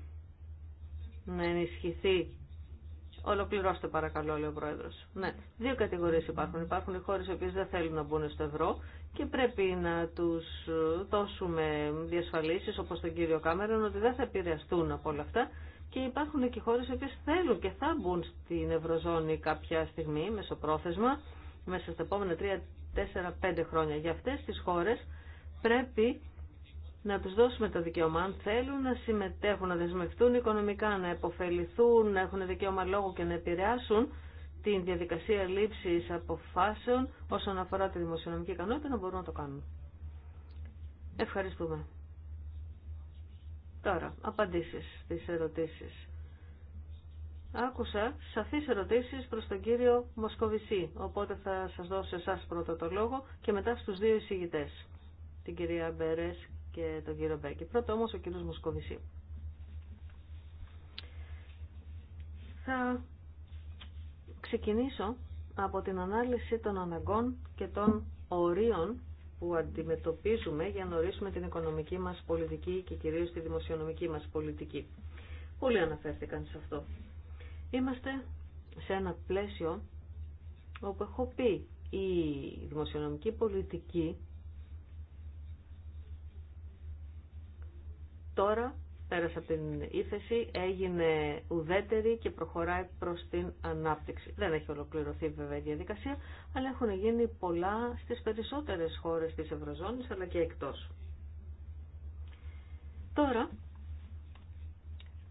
να ενισχυθεί. Ολοκληρώστε παρακαλώ, λέει ο Πρόεδρος. Ναι, δύο κατηγορίες υπάρχουν. Υπάρχουν οι χώρες οι οποίες δεν θέλουν να μπουν στο ευρώ και πρέπει να τους δώσουμε διασφαλίσεις όπως τον κύριο Κάμερον ότι δεν θα επηρεαστούν από όλα αυτά και υπάρχουν και χώρες που θέλουν και θα μπουν στην Ευρωζώνη κάποια στιγμή μεσοπρόθεσμα μέσα στα επόμενα 3, 4, 5 χρόνια. Για αυτές τις χώρες πρέπει να τους δώσουμε το δικαίωμα αν θέλουν να συμμετέχουν, να δεσμευτούν οικονομικά, να επωφεληθούν, να έχουν δικαίωμα λόγου και να επηρεάσουν την διαδικασία λήψης αποφάσεων όσον αφορά τη δημοσιονομική ικανότητα να μπορούν να το κάνουν. Ευχαριστούμε. Τώρα, απαντήσεις στις ερωτήσεις. Άκουσα σαφείς ερωτήσεις προς τον κύριο Μοσκοβισή, οπότε θα σας δώσω εσάς πρώτα το λόγο και μετά στους δύο εισηγητές, την κυρία Μπερές και τον κύριο Μπέκη. Πρώτο όμως ο κύριος Μοσκοβισή. Θα ξεκινήσω από την ανάλυση των αναγκών και των ορίων που αντιμετωπίζουμε για να ορίσουμε την οικονομική μας πολιτική και κυρίως τη δημοσιονομική μας πολιτική. Πολλοί αναφέρθηκαν σε αυτό. Είμαστε σε ένα πλαίσιο όπου έχω πει η δημοσιονομική πολιτική τώρα πέρασε από την ύφεση, έγινε ουδέτερη και προχωράει προς την ανάπτυξη. Δεν έχει ολοκληρωθεί βέβαια η διαδικασία, αλλά έχουν γίνει πολλά στις περισσότερες χώρες της Ευρωζώνης, αλλά και εκτός. Τώρα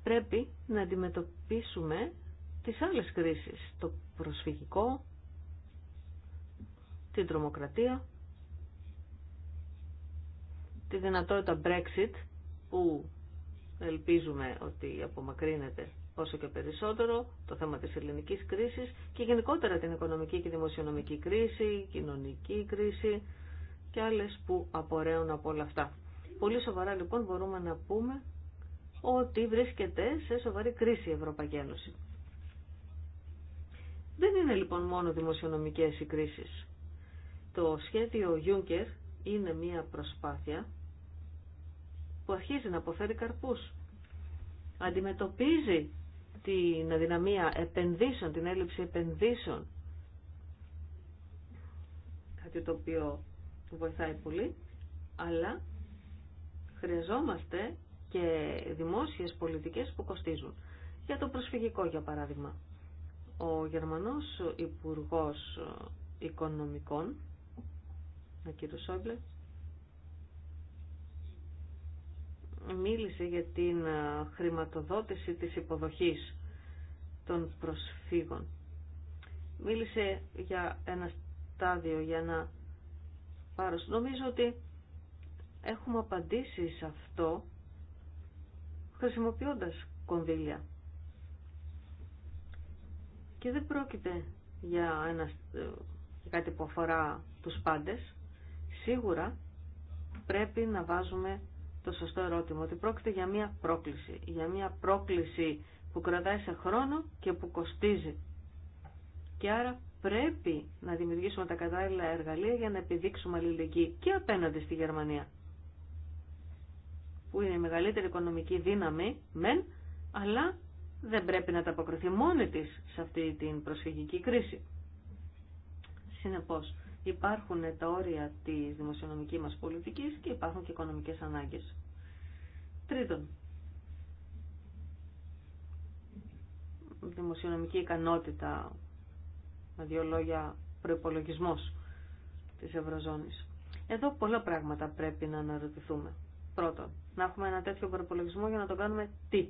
πρέπει να αντιμετωπίσουμε τις άλλες κρίσεις, το προσφυγικό, την τρομοκρατία, τη δυνατότητα Brexit που ελπίζουμε ότι απομακρύνεται όσο και περισσότερο το θέμα της ελληνικής κρίσης και γενικότερα την οικονομική και δημοσιονομική κρίση, κοινωνική κρίση και άλλες που απορρέουν από όλα αυτά. Πολύ σοβαρά λοιπόν μπορούμε να πούμε ότι βρίσκεται σε σοβαρή κρίση η Ευρωπαϊκή Ένωση. Δεν είναι λοιπόν μόνο δημοσιονομικές οι κρίσεις. Το σχέδιο Juncker είναι μία προσπάθεια που αρχίζει να αποφέρει καρπούς. Αντιμετωπίζει την αδυναμία επενδύσεων, την έλλειψη επενδύσεων. Κάτι το οποίο βοηθάει πολύ, αλλά χρειαζόμαστε και δημόσιες πολιτικές που κοστίζουν. Για το προσφυγικό, για παράδειγμα. Ο Γερμανός Υπουργός Οικονομικών, ο κύριος Σόμπλε, μίλησε για την ε, χρηματοδότηση της υποδοχής των προσφύγων. Μίλησε για ένα στάδιο, για ένα πάρος. Νομίζω ότι έχουμε απαντήσει σε αυτό χρησιμοποιώντας κονδύλια. Και δεν πρόκειται για, ένα, ε, κάτι που αφορά τους πάντες. Σίγουρα πρέπει να βάζουμε το σωστό ερώτημα, ότι πρόκειται για μια πρόκληση. Για μια πρόκληση που κρατάει σε χρόνο και που κοστίζει. Και άρα πρέπει να δημιουργήσουμε τα κατάλληλα εργαλεία για να επιδείξουμε αλληλεγγύη και απέναντι στη Γερμανία. Που είναι η μεγαλύτερη οικονομική δύναμη, μεν, αλλά δεν πρέπει να τα αποκριθεί μόνη της σε αυτή την προσφυγική κρίση. Συνεπώς, Υπάρχουν τα όρια της δημοσιονομικής μας πολιτικής και υπάρχουν και οικονομικές ανάγκες. Τρίτον, δημοσιονομική ικανότητα, με δύο λόγια προπολογισμό της Ευρωζώνης. Εδώ πολλά πράγματα πρέπει να αναρωτηθούμε. Πρώτον, να έχουμε ένα τέτοιο προπολογισμό για να το κάνουμε τι.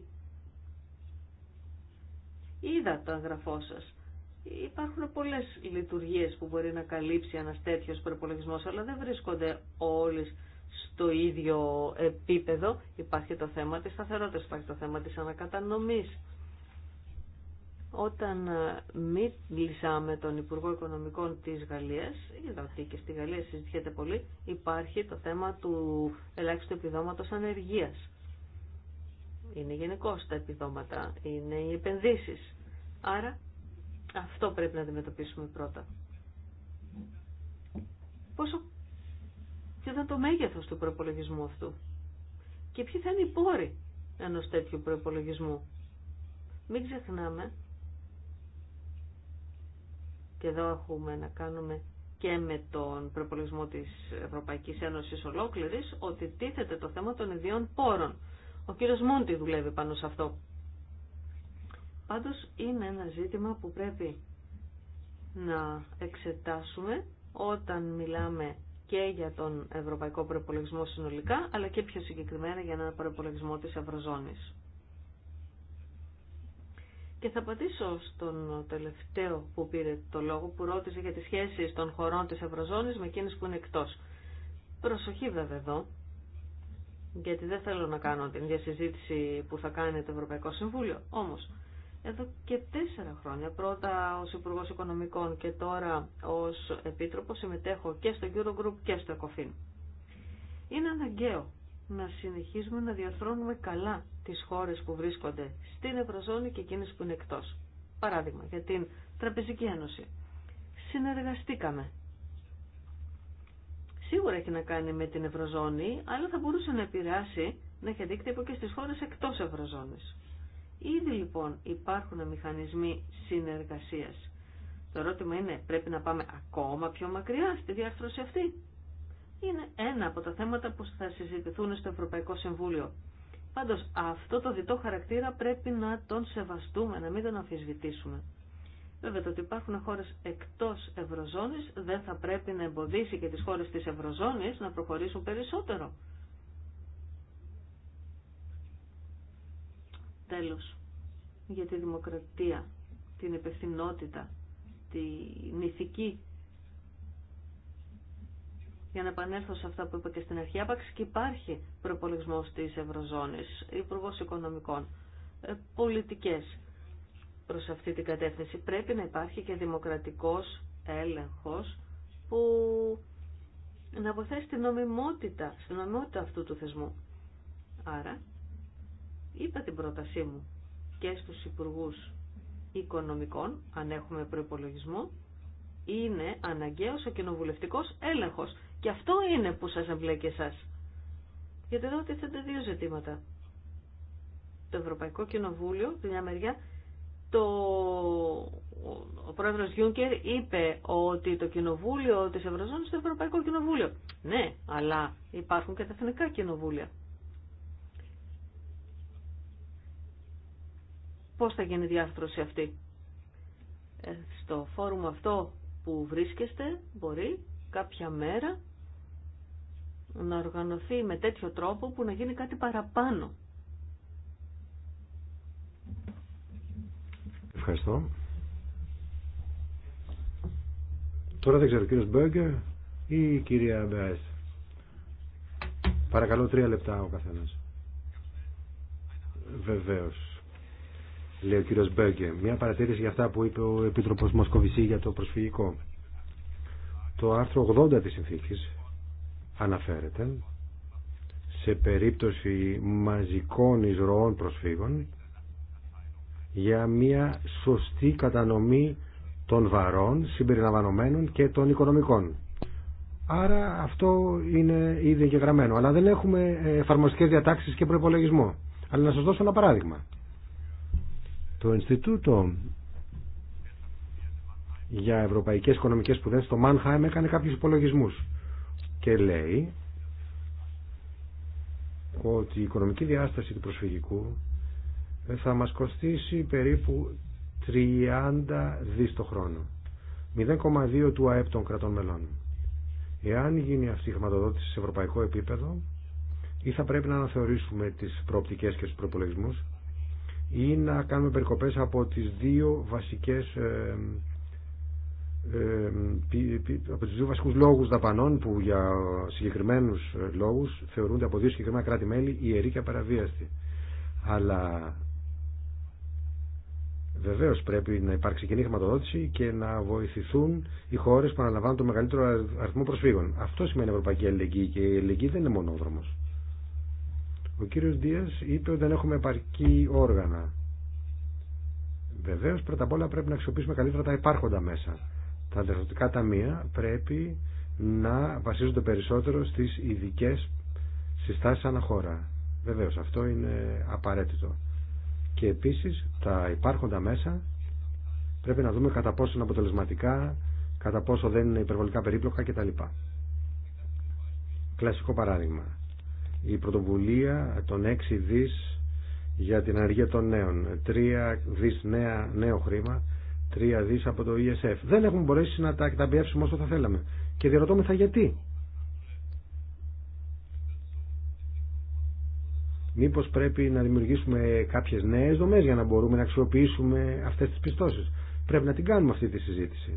Είδα το εγγραφό σας Υπάρχουν πολλές λειτουργίες που μπορεί να καλύψει ένας τέτοιος προπολογισμό, αλλά δεν βρίσκονται όλες στο ίδιο επίπεδο. Υπάρχει το θέμα της σταθερότητας, υπάρχει το θέμα της ανακατανομής. Όταν ε, μίλησαμε με τον Υπουργό Οικονομικών της Γαλλίας, γιατί και στη Γαλλία συζητιέται πολύ, υπάρχει το θέμα του ελάχιστου επιδόματος ανεργίας. Είναι γενικώ τα επιδόματα, είναι οι επενδύσεις. Άρα αυτό πρέπει να αντιμετωπίσουμε πρώτα. Πόσο και θα το μέγεθο του προπολογισμού αυτού και ποιοι θα είναι οι πόροι ενό τέτοιου προπολογισμού. Μην ξεχνάμε και εδώ έχουμε να κάνουμε και με τον προπολογισμό της Ευρωπαϊκής Ένωση Ολόκληρη ότι τίθεται το θέμα των ιδιών πόρων. Ο κύριο Μόντι δουλεύει πάνω σε αυτό. Πάντως είναι ένα ζήτημα που πρέπει να εξετάσουμε όταν μιλάμε και για τον ευρωπαϊκό προπολογισμό συνολικά, αλλά και πιο συγκεκριμένα για έναν προπολογισμό της Ευρωζώνης. Και θα πατήσω στον τελευταίο που πήρε το λόγο, που ρώτησε για τις σχέσεις των χωρών της Ευρωζώνης με εκείνες που είναι εκτός. Προσοχή βέβαια εδώ, γιατί δεν θέλω να κάνω την διασυζήτηση που θα κάνει το Ευρωπαϊκό Συμβούλιο. Όμως, εδώ και τέσσερα χρόνια. Πρώτα ως Υπουργό Οικονομικών και τώρα ως Επίτροπο συμμετέχω και στο Eurogroup και στο ECOFIN. Είναι αναγκαίο να συνεχίζουμε να διαρθρώνουμε καλά τις χώρες που βρίσκονται στην Ευρωζώνη και εκείνες που είναι εκτός. Παράδειγμα, για την Τραπεζική Ένωση. Συνεργαστήκαμε. Σίγουρα έχει να κάνει με την Ευρωζώνη, αλλά θα μπορούσε να επηρεάσει να έχει αντίκτυπο και στις χώρες εκτός Ευρωζώνης. Ήδη λοιπόν υπάρχουν μηχανισμοί συνεργασίας. Το ερώτημα είναι πρέπει να πάμε ακόμα πιο μακριά στη διάρθρωση αυτή. Είναι ένα από τα θέματα που θα συζητηθούν στο Ευρωπαϊκό Συμβούλιο. Πάντως αυτό το διτό χαρακτήρα πρέπει να τον σεβαστούμε, να μην τον αμφισβητήσουμε. Βέβαια το ότι υπάρχουν χώρες εκτός Ευρωζώνης δεν θα πρέπει να εμποδίσει και τις χώρες της Ευρωζώνης να προχωρήσουν περισσότερο. Τέλος για τη δημοκρατία, την υπευθυνότητα, την ηθική. Για να επανέλθω σε αυτά που είπα και στην αρχή, άπαξ και υπάρχει προπολογισμό τη Ευρωζώνη, Υπουργό Οικονομικών, ε, πολιτικέ προ αυτή την κατεύθυνση. Πρέπει να υπάρχει και δημοκρατικό έλεγχο που να βοηθάει στην νομιμότητα, στην νομιμότητα αυτού του θεσμού. Άρα, είπα την πρότασή μου και στους υπουργούς οικονομικών, αν έχουμε προπολογισμό, είναι αναγκαίος ο κοινοβουλευτικός έλεγχος. Και αυτό είναι που σας εμπλέκει εσάς. Γιατί εδώ τίθενται δύο ζητήματα. Το Ευρωπαϊκό Κοινοβούλιο, τη μια μεριά, το... ο πρόεδρος Γιούνκερ είπε ότι το Κοινοβούλιο της Ευρωζώνης είναι το Ευρωπαϊκό Κοινοβούλιο. Ναι, αλλά υπάρχουν και τα εθνικά κοινοβούλια. πώς θα γίνει η διάρθρωση αυτή. Ε, στο φόρουμ αυτό που βρίσκεστε μπορεί κάποια μέρα να οργανωθεί με τέτοιο τρόπο που να γίνει κάτι παραπάνω. Ευχαριστώ. Τώρα δεν ξέρω, ο κύριος η κυρια Μπέρες. Παρακαλώ τρία λεπτά ο καθένας. Βεβαίως λέει ο κύριος Μπέγκε. Μια παρατήρηση για αυτά που είπε ο Επίτροπος Μοσκοβισή για το προσφυγικό. Το άρθρο 80 της συνθήκης αναφέρεται σε περίπτωση μαζικών εισρωών προσφύγων για μια σωστή κατανομή των βαρών συμπεριλαμβανομένων και των οικονομικών. Άρα αυτό είναι ήδη εγγεγραμμένο. Αλλά δεν έχουμε εφαρμοστικές διατάξεις και προπολογισμό. Αλλά να σας δώσω ένα παράδειγμα. Το Ινστιτούτο για Ευρωπαϊκές Οικονομικές Σπουδές στο Μάνχαεμ έκανε κάποιους υπολογισμούς και λέει ότι η οικονομική διάσταση του προσφυγικού θα μας κοστίσει περίπου 30 δις το χρόνο. 0,2 του ΑΕΠ των κρατών μελών. Εάν γίνει αυτή η χρηματοδότηση σε ευρωπαϊκό επίπεδο ή θα πρέπει να αναθεωρήσουμε τις προοπτικές και τους προπολογισμούς ή να κάνουμε περικοπές από τις δύο βασικές ε, ε, από τους δύο βασικούς λόγους δαπανών που για συγκεκριμένους ε, λόγους θεωρούνται από δύο συγκεκριμένα κράτη-μέλη ιερή και απαραβίαστη. Αλλά βεβαίως πρέπει να υπάρξει κοινή χρηματοδότηση και να βοηθηθούν οι χώρες που αναλαμβάνουν το μεγαλύτερο αριθμό προσφύγων. Αυτό σημαίνει η Ευρωπαϊκή αλληλεγγύη και η Ελληνική δεν είναι μονόδρομος. Ο κύριος Δίας είπε ότι δεν έχουμε επαρκή όργανα. Βεβαίως πρώτα απ' όλα πρέπει να αξιοποιήσουμε καλύτερα τα υπάρχοντα μέσα. Τα διευθυντικά ταμεία πρέπει να βασίζονται περισσότερο στις ειδικέ συστάσεις αναχώρα. Βεβαίως αυτό είναι απαραίτητο. Και επίσης τα υπάρχοντα μέσα πρέπει να δούμε κατά πόσο είναι αποτελεσματικά, κατά πόσο δεν είναι υπερβολικά περίπλοκα κτλ. Κλασικό παράδειγμα η πρωτοβουλία των 6 δις για την αργία των νέων 3 δις νέα, νέο χρήμα 3 δις από το ESF δεν έχουμε μπορέσει να τα εκταμπιεύσουμε όσο θα θέλαμε και θα γιατί μήπως πρέπει να δημιουργήσουμε κάποιες νέες δομές για να μπορούμε να αξιοποιήσουμε αυτές τις πιστώσεις πρέπει να την κάνουμε αυτή τη συζήτηση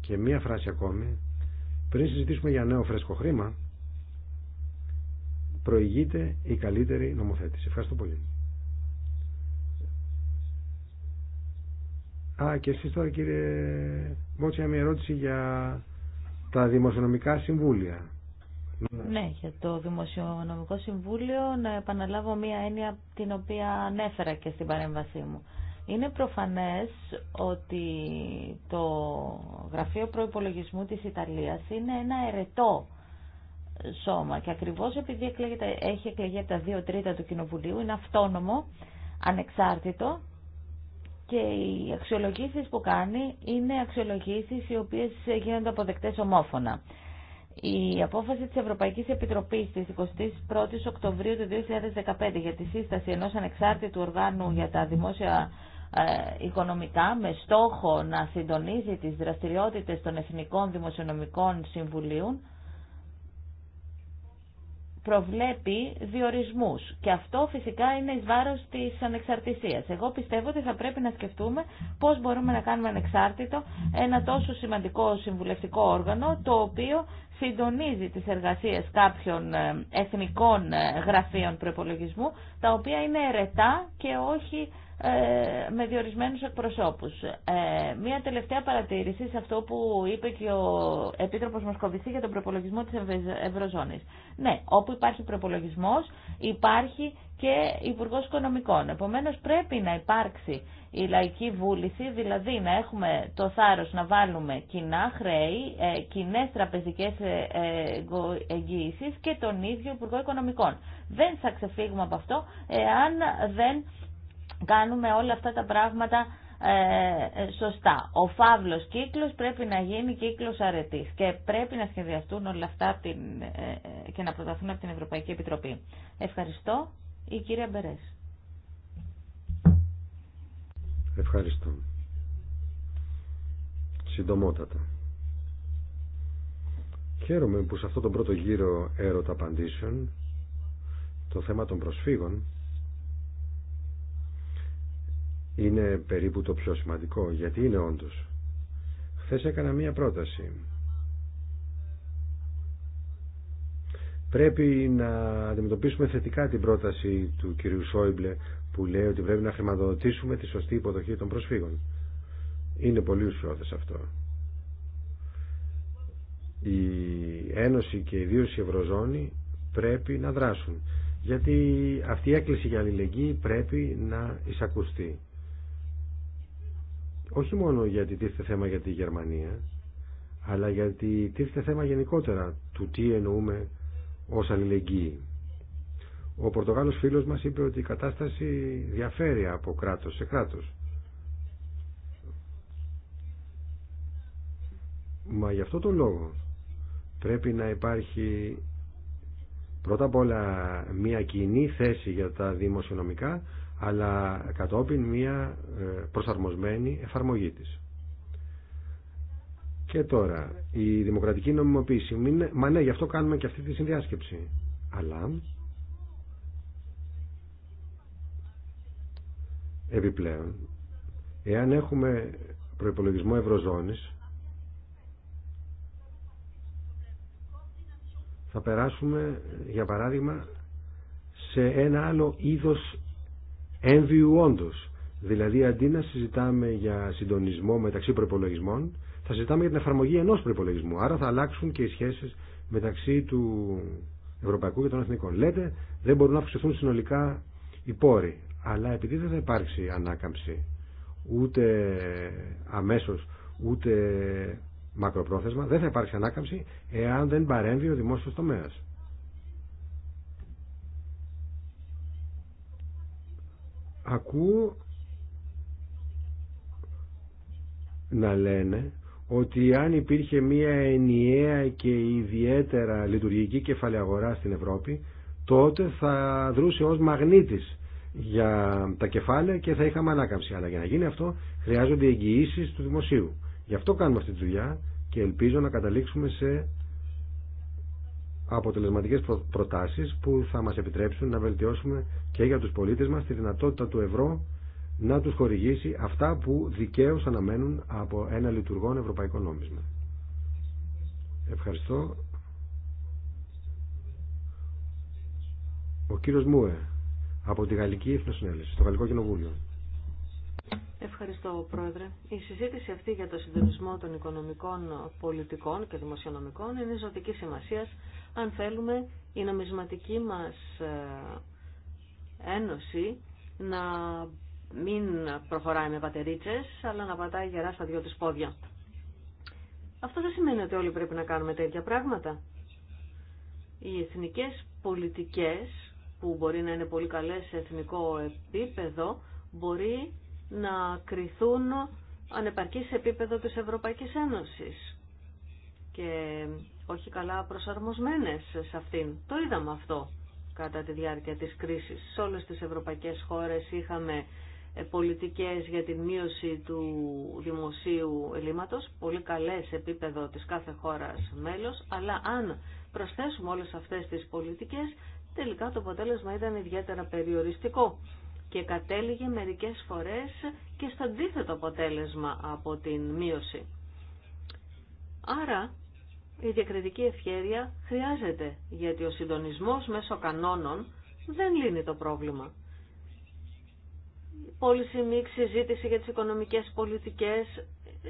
και μία φράση ακόμη πριν συζητήσουμε για νέο φρέσκο χρήμα προηγείται η καλύτερη νομοθέτηση. Ευχαριστώ πολύ. Α, και εσείς τώρα κύριε Μπότσια μια ερώτηση για τα δημοσιονομικά συμβούλια. Ναι, για το Δημοσιονομικό Συμβούλιο να επαναλάβω μία έννοια την οποία ανέφερα και στην παρέμβασή μου. Είναι προφανές ότι το Γραφείο Προϋπολογισμού της Ιταλίας είναι ένα ερετό σώμα και ακριβώς επειδή έχει εκλεγεί τα δύο τρίτα του Κοινοβουλίου είναι αυτόνομο, ανεξάρτητο και οι αξιολογήσεις που κάνει είναι αξιολογήσεις οι οποίες γίνονται αποδεκτές ομόφωνα. Η απόφαση της Ευρωπαϊκής Επιτροπής της 21 η Οκτωβρίου του 2015 για τη σύσταση ενός ανεξάρτητου οργάνου για τα δημόσια ε, οικονομικά με στόχο να συντονίζει τις δραστηριότητες των Εθνικών Δημοσιονομικών Συμβουλίων προβλέπει διορισμούς και αυτό φυσικά είναι εις βάρος της ανεξαρτησίας. Εγώ πιστεύω ότι θα πρέπει να σκεφτούμε πώς μπορούμε να κάνουμε ανεξάρτητο ένα τόσο σημαντικό συμβουλευτικό όργανο το οποίο συντονίζει τις εργασίες κάποιων ε, εθνικών ε, γραφείων προπολογισμού τα οποία είναι ερετά και όχι ε, με διορισμένους εκπροσώπους. Ε, μία τελευταία παρατήρηση σε αυτό που είπε και ο Επίτροπος Μοσκοβιστή για τον προπολογισμό της Ευρωζώνης. Ναι, όπου υπάρχει προπολογισμός υπάρχει και Υπουργό Οικονομικών. Επομένως πρέπει να υπάρξει η λαϊκή βούληση, δηλαδή να έχουμε το θάρρος να βάλουμε κοινά χρέη, ε, κοινέ τραπεζικές εγγύησεις και τον ίδιο Υπουργό Οικονομικών. Δεν θα ξεφύγουμε από αυτό εάν δεν κάνουμε όλα αυτά τα πράγματα ε, ε, σωστά. Ο φαύλος κύκλος πρέπει να γίνει κύκλος αρετής και πρέπει να σχεδιαστούν όλα αυτά την, ε, ε, και να προταθούν από την Ευρωπαϊκή Επιτροπή. Ευχαριστώ. Η κυρία Μπερές. Ευχαριστώ. Συντομότατα. Χαίρομαι που σε αυτό τον πρώτο γύρο έρωτα απαντήσεων το θέμα των προσφύγων είναι περίπου το πιο σημαντικό γιατί είναι όντως χθες έκανα μία πρόταση πρέπει να αντιμετωπίσουμε θετικά την πρόταση του κυρίου Σόιμπλε που λέει ότι πρέπει να χρηματοδοτήσουμε τη σωστή υποδοχή των προσφύγων είναι πολύ ουσιώδες αυτό η Ένωση και ιδίως η Ευρωζώνη πρέπει να δράσουν γιατί αυτή η έκκληση για αλληλεγγύη πρέπει να εισακουστεί όχι μόνο γιατί τίθεται θέμα για τη Γερμανία, αλλά γιατί τίθεται θέμα γενικότερα του τι εννοούμε ως αλληλεγγύη. Ο Πορτογάλος φίλος μας είπε ότι η κατάσταση διαφέρει από κράτος σε κράτος. Μα γι' αυτό τον λόγο πρέπει να υπάρχει πρώτα απ' όλα μια κοινή θέση για τα δημοσιονομικά αλλά κατόπιν μια ε, προσαρμοσμένη εφαρμογή της. Και τώρα, η δημοκρατική νομιμοποίηση, μην, μα ναι, γι' αυτό κάνουμε και αυτή τη συνδιάσκεψη. Αλλά, επιπλέον, εάν έχουμε προϋπολογισμό ευρωζώνης, θα περάσουμε, για παράδειγμα, σε ένα άλλο είδος έμβιου όντω. Δηλαδή αντί να συζητάμε για συντονισμό μεταξύ προπολογισμών, θα συζητάμε για την εφαρμογή ενό προπολογισμού. Άρα θα αλλάξουν και οι σχέσει μεταξύ του ευρωπαϊκού και των εθνικών. Λέτε δεν μπορούν να αυξηθούν συνολικά οι πόροι. Αλλά επειδή δεν θα υπάρξει ανάκαμψη ούτε αμέσω ούτε μακροπρόθεσμα, δεν θα υπάρξει ανάκαμψη εάν δεν παρέμβει ο δημόσιο τομέα. ακούω να λένε ότι αν υπήρχε μια ενιαία και ιδιαίτερα λειτουργική κεφαλαία αγορά στην Ευρώπη τότε θα δρούσε ως μαγνήτης για τα κεφάλαια και θα είχαμε ανάκαμψη. Αλλά για να γίνει αυτό χρειάζονται εγγυήσει του δημοσίου. Γι' αυτό κάνουμε αυτή τη δουλειά και ελπίζω να καταλήξουμε σε αποτελεσματικές προτάσεις που θα μας επιτρέψουν να βελτιώσουμε και για τους πολίτες μας τη δυνατότητα του ευρώ να τους χορηγήσει αυτά που δικαίως αναμένουν από ένα λειτουργόν ευρωπαϊκό νόμισμα. Ευχαριστώ. Ο κύριος Μούε από τη Γαλλική Εθνοσυνέλευση, στο Γαλλικό Κοινοβούλιο. Ευχαριστώ, Πρόεδρε. Η συζήτηση αυτή για το συντονισμό των οικονομικών πολιτικών και δημοσιονομικών είναι ζωτική σημασία αν θέλουμε η νομισματική μας ε, ένωση να μην προχωράει με πατερίτσες, αλλά να πατάει γερά στα δυο της πόδια. Αυτό δεν σημαίνει ότι όλοι πρέπει να κάνουμε τέτοια πράγματα. Οι εθνικές πολιτικές, που μπορεί να είναι πολύ καλές σε εθνικό επίπεδο, μπορεί να κριθούν ανεπαρκή σε επίπεδο της Ευρωπαϊκής Ένωσης. Και όχι καλά προσαρμοσμένες σε αυτήν. Το είδαμε αυτό κατά τη διάρκεια της κρίσης. Σε όλες τις ευρωπαϊκές χώρες είχαμε ε, πολιτικές για την μείωση του δημοσίου ελλείμματος, πολύ καλές επίπεδο της κάθε χώρας μέλος, αλλά αν προσθέσουμε όλες αυτές τις πολιτικές, τελικά το αποτέλεσμα ήταν ιδιαίτερα περιοριστικό και κατέληγε μερικές φορές και στο αντίθετο αποτέλεσμα από την μείωση. Άρα η διακριτική ευχέρεια χρειάζεται, γιατί ο συντονισμός μέσω κανόνων δεν λύνει το πρόβλημα. Η πώληση μίξη, συζήτηση για τις οικονομικές πολιτικές,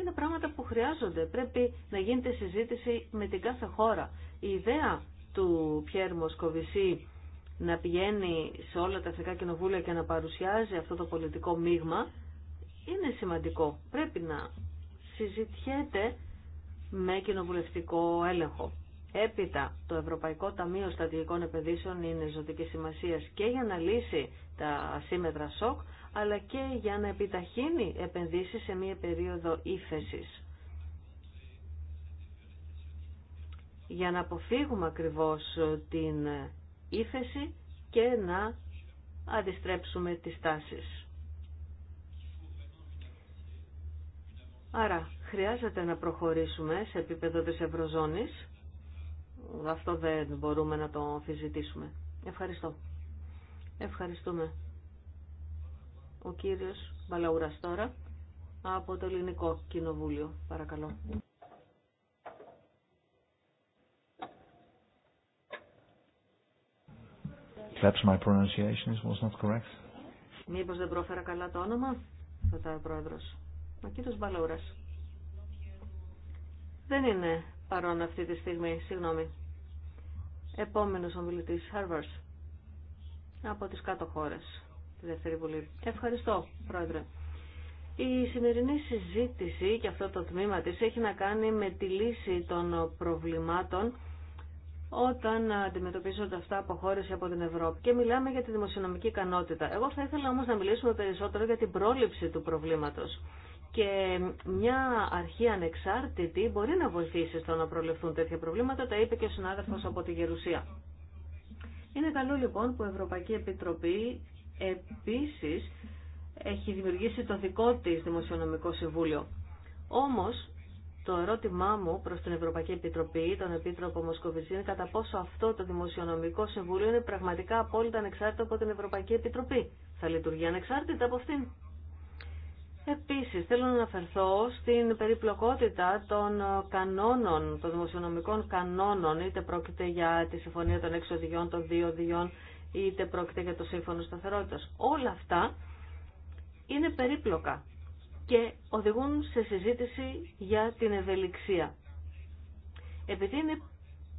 είναι πράγματα που χρειάζονται. Πρέπει να γίνεται συζήτηση με την κάθε χώρα. Η ιδέα του Πιέρ Μοσκοβισή να πηγαίνει σε όλα τα εθνικά κοινοβούλια και να παρουσιάζει αυτό το πολιτικό μείγμα είναι σημαντικό. Πρέπει να συζητιέται με κοινοβουλευτικό έλεγχο. Έπειτα, το Ευρωπαϊκό Ταμείο Στατηγικών Επενδύσεων είναι ζωτική σημασία και για να λύσει τα σύμμετρα σοκ, αλλά και για να επιταχύνει επενδύσεις σε μία περίοδο ύφεση. Για να αποφύγουμε ακριβώς την ύφεση και να αντιστρέψουμε τις τάσεις. Άρα, χρειάζεται να προχωρήσουμε σε επίπεδο της Ευρωζώνης. Αυτό δεν μπορούμε να το αμφιζητήσουμε. Ευχαριστώ. Ευχαριστούμε. Ο κύριος Μπαλαούρας τώρα από το Ελληνικό Κοινοβούλιο. Παρακαλώ. Perhaps my pronunciation was not correct. Μήπως δεν πρόφερα καλά το όνομα, ρωτάει ο πρόεδρος. Ο κύριος Μπαλαούρας δεν είναι παρόν αυτή τη στιγμή, συγγνώμη. Επόμενος ομιλητής, Harvard, από τις κάτω χώρες, τη Δεύτερη Βουλή. Ευχαριστώ, Πρόεδρε. Η σημερινή συζήτηση και αυτό το τμήμα της έχει να κάνει με τη λύση των προβλημάτων όταν αντιμετωπίζονται αυτά από χώρε από την Ευρώπη και μιλάμε για τη δημοσιονομική ικανότητα. Εγώ θα ήθελα όμως να μιλήσουμε περισσότερο για την πρόληψη του προβλήματος. Και μια αρχή ανεξάρτητη μπορεί να βοηθήσει στο να προληφθούν τέτοια προβλήματα, τα είπε και ο συνάδελφος από τη Γερουσία. Είναι καλό λοιπόν που η Ευρωπαϊκή Επιτροπή επίσης έχει δημιουργήσει το δικό της Δημοσιονομικό Συμβούλιο. Όμως, το ερώτημά μου προς την Ευρωπαϊκή Επιτροπή, τον Επίτροπο Μοσκοβιτζή, είναι κατά πόσο αυτό το Δημοσιονομικό Συμβούλιο είναι πραγματικά απόλυτα ανεξάρτητο από την Ευρωπαϊκή Επιτροπή. Θα λειτουργεί ανεξάρτητα από αυτήν. Επίσης, θέλω να αναφερθώ στην περιπλοκότητα των κανόνων, των δημοσιονομικών κανόνων, είτε πρόκειται για τη συμφωνία των έξι οδηγιών, των δύο οδηγιών, είτε πρόκειται για το σύμφωνο σταθερότητας. Όλα αυτά είναι περίπλοκα και οδηγούν σε συζήτηση για την ευελιξία. Επειδή είναι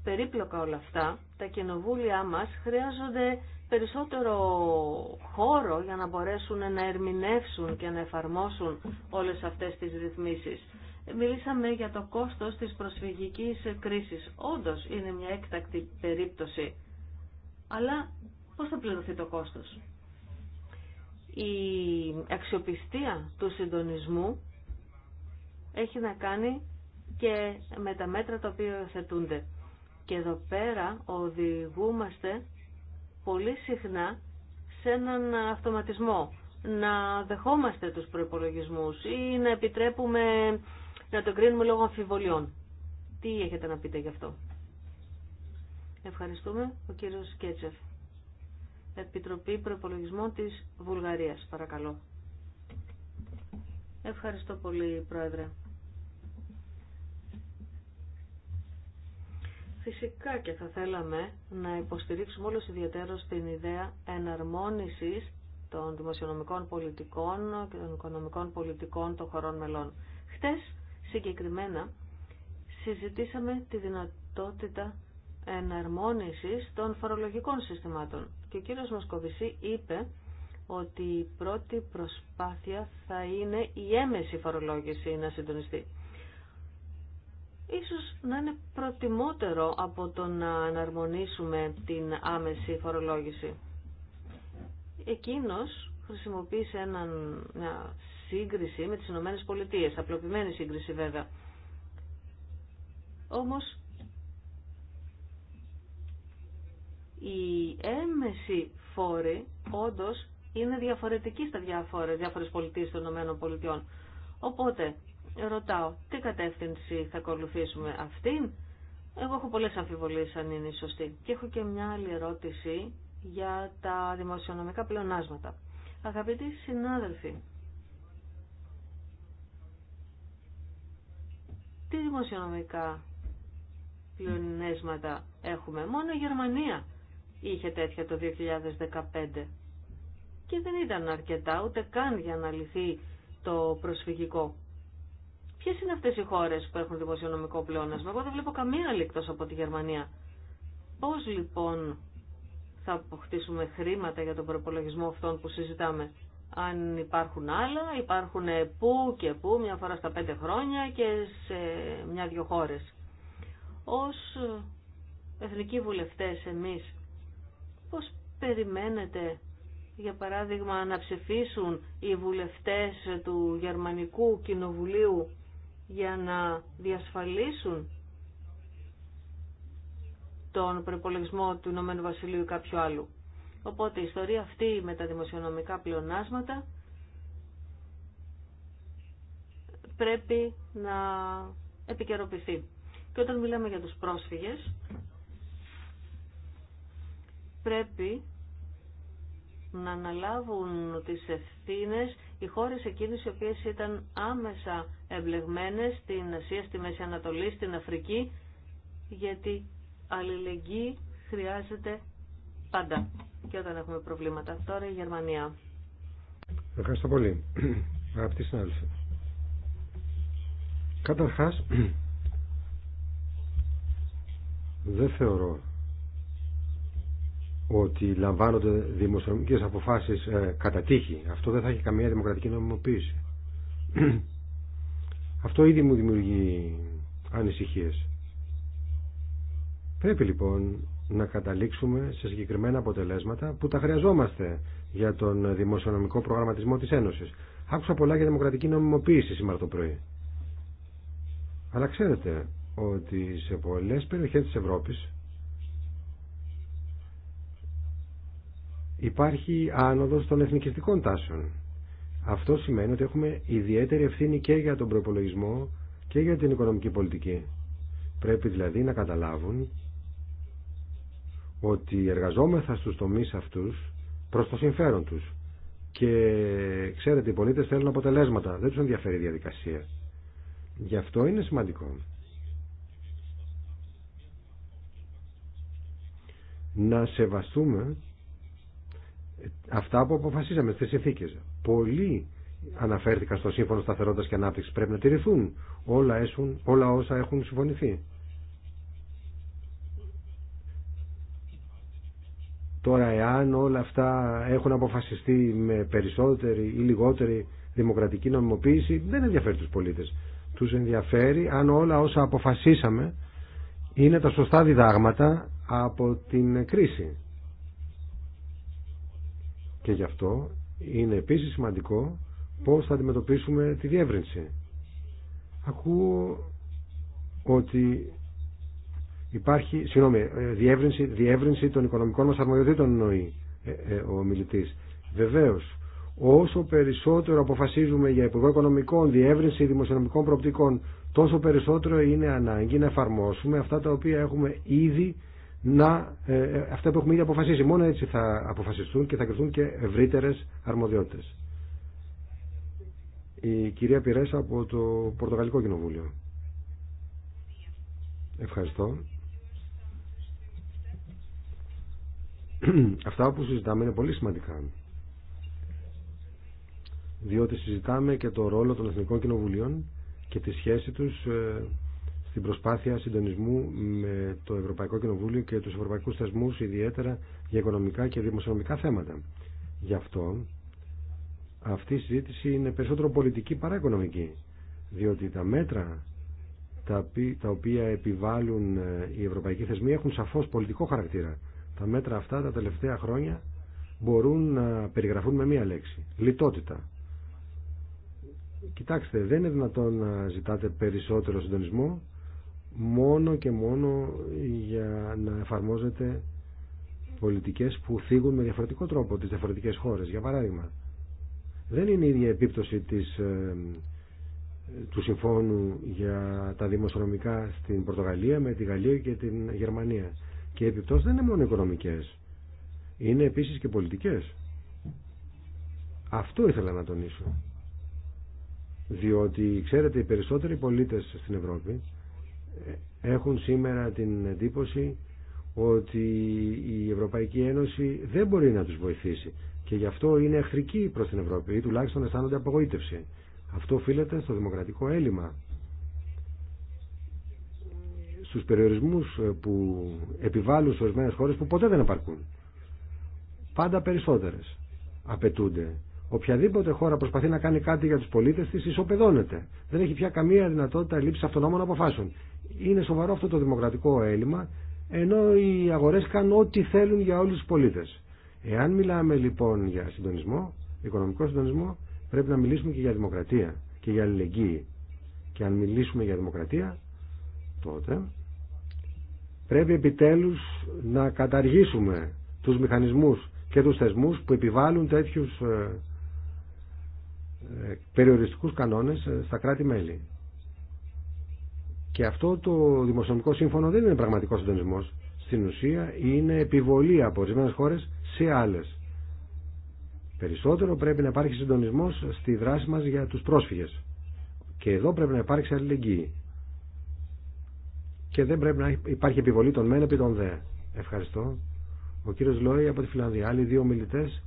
περίπλοκα όλα αυτά, τα κοινοβούλια μας χρειάζονται περισσότερο χώρο για να μπορέσουν να ερμηνεύσουν και να εφαρμόσουν όλες αυτές τις ρυθμίσεις. Μιλήσαμε για το κόστος της προσφυγικής κρίσης. Όντως είναι μια έκτακτη περίπτωση. Αλλά πώς θα πληρωθεί το κόστος. Η αξιοπιστία του συντονισμού έχει να κάνει και με τα μέτρα τα οποία θετούνται. Και εδώ πέρα οδηγούμαστε πολύ συχνά σε έναν αυτοματισμό. Να δεχόμαστε τους προϋπολογισμούς ή να επιτρέπουμε να το κρίνουμε λόγω αμφιβολιών. Τι έχετε να πείτε γι' αυτό. Ευχαριστούμε. Ο κύριος Σκέτσεφ. Επιτροπή Προϋπολογισμών της Βουλγαρίας. Παρακαλώ. Ευχαριστώ πολύ, Πρόεδρε. Φυσικά και θα θέλαμε να υποστηρίξουμε όλος ιδιαίτερως την ιδέα εναρμόνισης των δημοσιονομικών πολιτικών και των οικονομικών πολιτικών των χωρών μελών. Χτες συγκεκριμένα συζητήσαμε τη δυνατότητα εναρμόνισης των φορολογικών συστημάτων και ο κύριος Μοσκοβισή είπε ότι η πρώτη προσπάθεια θα είναι η έμεση φορολόγηση να συντονιστεί ίσως να είναι προτιμότερο από το να αναρμονίσουμε την άμεση φορολόγηση. Εκείνος χρησιμοποίησε έναν, μια σύγκριση με τις Ηνωμένες Πολιτείες, απλοποιημένη σύγκριση βέβαια. Όμως η έμεση φόρη όντως είναι διαφορετική στα διάφορες, διάφορες πολιτείες των Ηνωμένων Πολιτειών. Οπότε ρωτάω, τι κατεύθυνση θα ακολουθήσουμε αυτήν. Εγώ έχω πολλές αμφιβολίες αν είναι η σωστή. Και έχω και μια άλλη ερώτηση για τα δημοσιονομικά πλεονάσματα. Αγαπητοί συνάδελφοι, τι δημοσιονομικά πλεονέσματα έχουμε. Μόνο η Γερμανία είχε τέτοια το 2015 και δεν ήταν αρκετά ούτε καν για να λυθεί το προσφυγικό. Ποιε είναι αυτέ οι χώρε που έχουν δημοσιονομικό πλεόνασμα. Εγώ δεν βλέπω καμία άλλη εκτό από τη Γερμανία. Πώ λοιπόν θα αποκτήσουμε χρήματα για τον προπολογισμό αυτών που συζητάμε. Αν υπάρχουν άλλα, υπάρχουν πού και πού, μια φορά στα πέντε χρόνια και σε μια-δυο χώρε. Ως εθνικοί βουλευτές εμείς, πώ περιμένετε, για παράδειγμα, να ψηφίσουν οι βουλευτές του Γερμανικού Κοινοβουλίου για να διασφαλίσουν τον προπολογισμό του Ηνωμένου Βασιλείου ή κάποιου άλλου. Οπότε η ιστορία αυτή με τα δημοσιονομικά πλεονάσματα πρέπει να επικαιροποιηθεί. Και όταν μιλάμε για τους πρόσφυγες, πρέπει να αναλάβουν τις ευθύνες οι χώρες εκείνες οι οποίες ήταν άμεσα εμπλεγμένες στην Ασία, στη Μέση Ανατολή, στην Αφρική, γιατί αλληλεγγύη χρειάζεται πάντα και όταν έχουμε προβλήματα. Τώρα η Γερμανία. Ευχαριστώ πολύ. Αγαπητοί συνάδελφοι. Καταρχάς, δεν θεωρώ ότι λαμβάνονται δημοσιονομικές αποφάσεις ε, κατά τύχη. Αυτό δεν θα έχει καμία δημοκρατική νομιμοποίηση. Αυτό ήδη μου δημιουργεί ανησυχίες. Πρέπει λοιπόν να καταλήξουμε σε συγκεκριμένα αποτελέσματα που τα χρειαζόμαστε για τον δημοσιονομικό προγραμματισμό της Ένωσης. Άκουσα πολλά για δημοκρατική νομιμοποίηση σήμερα το πρωί. Αλλά ξέρετε ότι σε πολλές περιοχές της Ευρώπης υπάρχει άνοδος των εθνικιστικών τάσεων. Αυτό σημαίνει ότι έχουμε ιδιαίτερη ευθύνη και για τον προπολογισμό και για την οικονομική πολιτική. Πρέπει δηλαδή να καταλάβουν ότι εργαζόμεθα στους τομείς αυτούς προς το συμφέρον τους. Και ξέρετε, οι πολίτες θέλουν αποτελέσματα, δεν τους ενδιαφέρει η διαδικασία. Γι' αυτό είναι σημαντικό. Να σεβαστούμε αυτά που αποφασίσαμε στις συνθήκες. Πολλοί αναφέρθηκαν στο Σύμφωνο σταθερότητα και Ανάπτυξης. Πρέπει να τηρηθούν όλα, έσουν, όλα όσα έχουν συμφωνηθεί. Τώρα, εάν όλα αυτά έχουν αποφασιστεί με περισσότερη ή λιγότερη δημοκρατική νομιμοποίηση, δεν ενδιαφέρει τους πολίτες. Του ενδιαφέρει αν όλα όσα αποφασίσαμε είναι τα σωστά διδάγματα από την κρίση. Και γι' αυτό είναι επίσης σημαντικό πώς θα αντιμετωπίσουμε τη διεύρυνση. Ακούω ότι υπάρχει, συγγνώμη, ε, διεύρυνση, διεύρυνση των οικονομικών μας αρμοδιοτήτων εννοεί ε, ε, ο μιλητής. Βεβαίως, όσο περισσότερο αποφασίζουμε για Υπουργό Οικονομικών, διεύρυνση δημοσιονομικών προοπτικών, τόσο περισσότερο είναι ανάγκη να εφαρμόσουμε αυτά τα οποία έχουμε ήδη να, ε, ε, αυτά που έχουμε ήδη αποφασίσει. Μόνο έτσι θα αποφασιστούν και θα κρυθούν και ευρύτερε αρμοδιότητε. Η κυρία Πυρέσα από το Πορτογαλικό Κοινοβούλιο. Ευχαριστώ. Αυτά που συζητάμε είναι πολύ σημαντικά. Διότι συζητάμε και το ρόλο των Εθνικών Κοινοβουλίων και τη σχέση τους ε, στην προσπάθεια συντονισμού με το Ευρωπαϊκό Κοινοβούλιο και τους ευρωπαϊκούς θεσμούς, ιδιαίτερα για οικονομικά και δημοσιονομικά θέματα. Γι' αυτό αυτή η συζήτηση είναι περισσότερο πολιτική παρά οικονομική, διότι τα μέτρα τα οποία επιβάλλουν ε, οι ευρωπαϊκοί θεσμοί έχουν σαφώς πολιτικό χαρακτήρα. Τα μέτρα αυτά τα τελευταία χρόνια μπορούν να περιγραφούν με μία λέξη. Λιτότητα. Κοιτάξτε, δεν είναι δυνατόν να ζητάτε περισσότερο συντονισμό μόνο και μόνο για να εφαρμόζεται πολιτικές που θίγουν με διαφορετικό τρόπο τις διαφορετικές χώρες. Για παράδειγμα, δεν είναι η ίδια επίπτωση της, ε, του συμφώνου για τα δημοσιονομικά στην Πορτογαλία με τη Γαλλία και την Γερμανία. Και οι επιπτώσεις δεν είναι μόνο οικονομικές. Είναι επίσης και πολιτικές. Αυτό ήθελα να τονίσω. Διότι, ξέρετε, οι περισσότεροι πολίτες στην Ευρώπη έχουν σήμερα την εντύπωση ότι η Ευρωπαϊκή Ένωση δεν μπορεί να τους βοηθήσει και γι' αυτό είναι εχθρική προς την Ευρώπη ή τουλάχιστον αισθάνονται απογοήτευση. Αυτό οφείλεται στο δημοκρατικό έλλειμμα. Στους περιορισμούς που επιβάλλουν σε ορισμένε χώρες που ποτέ δεν επαρκούν. Πάντα περισσότερες απαιτούνται Οποιαδήποτε χώρα προσπαθεί να κάνει κάτι για του πολίτε τη ισοπεδώνεται. Δεν έχει πια καμία δυνατότητα λήψη αυτονόμων αποφάσεων. Είναι σοβαρό αυτό το δημοκρατικό έλλειμμα, ενώ οι αγορέ κάνουν ό,τι θέλουν για όλου του πολίτε. Εάν μιλάμε λοιπόν για συντονισμό, οικονομικό συντονισμό, πρέπει να μιλήσουμε και για δημοκρατία και για αλληλεγγύη. Και αν μιλήσουμε για δημοκρατία, τότε πρέπει επιτέλους να καταργήσουμε τους μηχανισμού και τους θεσμού που επιβάλλουν τέτοιου. Ε, ε, περιοριστικούς κανόνες ε, στα κράτη-μέλη. Και αυτό το δημοσιονομικό σύμφωνο δεν είναι πραγματικός συντονισμός. Στην ουσία είναι επιβολή από ορισμένε χώρες σε άλλες. Περισσότερο πρέπει να υπάρχει συντονισμός στη δράση μας για τους πρόσφυγες. Και εδώ πρέπει να υπάρξει αλληλεγγύη. Και δεν πρέπει να υπάρχει επιβολή των μεν επί των δε. Ευχαριστώ. Ο κύριος Λόι από τη Φιλανδία. Άλλοι δύο μιλητές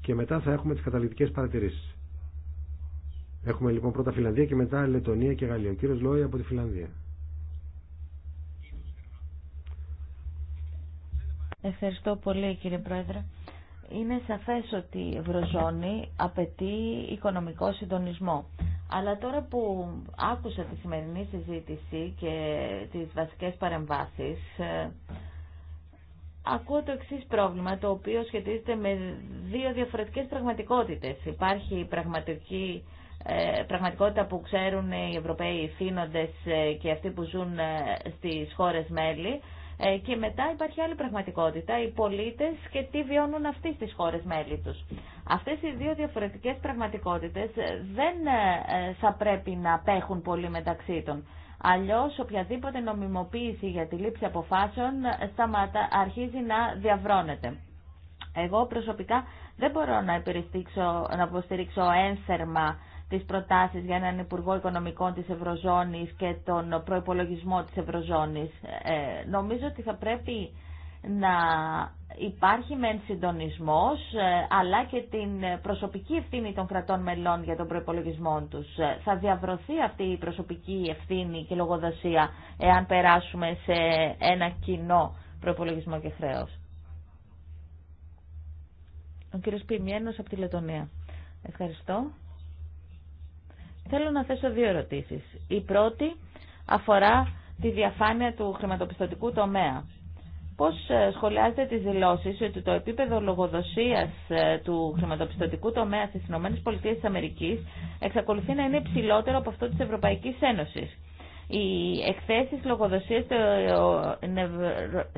και μετά θα έχουμε τις καταληκτικές παρατηρήσεις. Έχουμε λοιπόν πρώτα Φιλανδία και μετά Λετωνία και Γαλλία. Ο κύριο Λόι από τη Φιλανδία. Ευχαριστώ πολύ κύριε Πρόεδρε. Είναι σαφές ότι η Ευρωζώνη απαιτεί οικονομικό συντονισμό. Αλλά τώρα που άκουσα τη σημερινή συζήτηση και τις βασικές παρεμβάσεις, ε, ακούω το εξής πρόβλημα, το οποίο σχετίζεται με δύο διαφορετικές πραγματικότητες. Υπάρχει η πραγματική ε, πραγματικότητα που ξέρουν οι Ευρωπαίοι θύνοντες ε, και αυτοί που ζουν ε, στις χώρες μέλη και μετά υπάρχει άλλη πραγματικότητα, οι πολίτες και τι βιώνουν αυτοί στις χώρες μέλη τους. Αυτές οι δύο διαφορετικές πραγματικότητες δεν θα πρέπει να απέχουν πολύ μεταξύ των. Αλλιώς οποιαδήποτε νομιμοποίηση για τη λήψη αποφάσεων σταματά, αρχίζει να διαβρώνεται. Εγώ προσωπικά δεν μπορώ να υποστηρίξω ένθερμα τις προτάσεις για έναν Υπουργό Οικονομικών της Ευρωζώνης και τον προϋπολογισμό της Ευρωζώνης. Ε, νομίζω ότι θα πρέπει να υπάρχει μεν συντονισμός ε, αλλά και την προσωπική ευθύνη των κρατών μελών για τον προϋπολογισμό τους. Ε, θα διαβρωθεί αυτή η προσωπική ευθύνη και λογοδοσία εάν περάσουμε σε ένα κοινό προϋπολογισμό και χρέος. Ο κύριος Πιμιένος από τη Λετωνία. Ευχαριστώ. Θέλω να θέσω δύο ερωτήσεις. Η πρώτη αφορά τη διαφάνεια του χρηματοπιστωτικού τομέα. Πώς ε, σχολιάζετε τις δηλώσεις ότι το επίπεδο λογοδοσίας ε, του χρηματοπιστωτικού τομέα στις ΗΠΑ εξακολουθεί να είναι υψηλότερο από αυτό της Ευρωπαϊκής Ένωσης. Οι εκθέσεις λογοδοσίας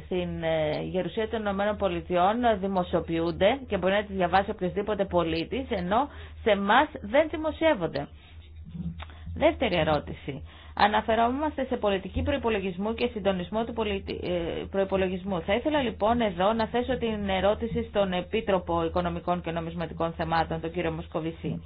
στην ε, Γερουσία των ΗΠΑ δημοσιοποιούνται και μπορεί να τις διαβάσει οποιοδήποτε πολίτης, ενώ σε εμά δεν δημοσιεύονται. Δεύτερη ερώτηση. Αναφερόμαστε σε πολιτική προπολογισμού και συντονισμό του πολιτι... Ε, προπολογισμού. Θα ήθελα λοιπόν εδώ να θέσω την ερώτηση στον Επίτροπο Οικονομικών και Νομισματικών Θεμάτων, τον κύριο Μοσκοβισή.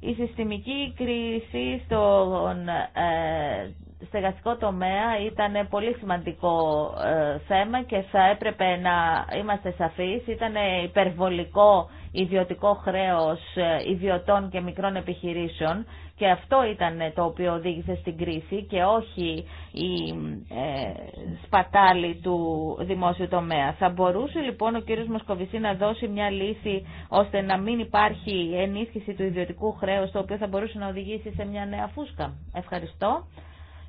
Η συστημική κρίση στον ε, στεγαστικό τομέα ήταν πολύ σημαντικό ε, θέμα και θα έπρεπε να είμαστε σαφείς. Ήταν υπερβολικό ιδιωτικό χρέος ε, ιδιωτών και μικρών επιχειρήσεων και αυτό ήταν ε, το οποίο οδήγησε στην κρίση και όχι η ε, σπατάλη του δημόσιου τομέα. Θα μπορούσε λοιπόν ο κύριος Μοσκοβισή να δώσει μια λύση ώστε να μην υπάρχει ενίσχυση του ιδιωτικού χρέους το οποίο θα μπορούσε να οδηγήσει σε μια νέα φούσκα. Ευχαριστώ.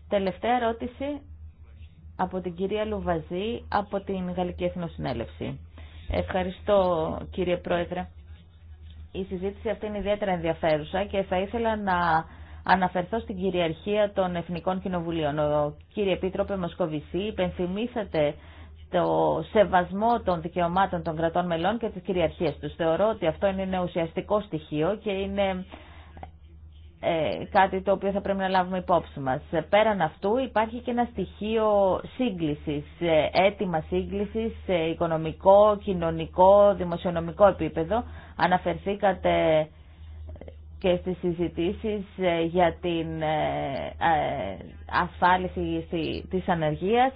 Τελευταία ερώτηση από την κυρία Λουβαζή από την Γαλλική Εθνοσυνέλευση. Ευχαριστώ κύριε Πρόεδρε. Η συζήτηση αυτή είναι ιδιαίτερα ενδιαφέρουσα και θα ήθελα να αναφερθώ στην κυριαρχία των Εθνικών Κοινοβουλίων. Ο κύριε Επίτροπε Μοσκοβισή υπενθυμίσατε το σεβασμό των δικαιωμάτων των κρατών μελών και της κυριαρχίας τους. Θεωρώ ότι αυτό είναι ουσιαστικό στοιχείο και είναι ε, κάτι το οποίο θα πρέπει να λάβουμε υπόψη μας. Ε, πέραν αυτού υπάρχει και ένα στοιχείο σύγκλησης, ε, έτοιμα σύγκλησης σε οικονομικό, κοινωνικό, δημοσιονομικό επίπεδο. Αναφερθήκατε και στις συζητήσεις για την ασφάλιση της ανεργίας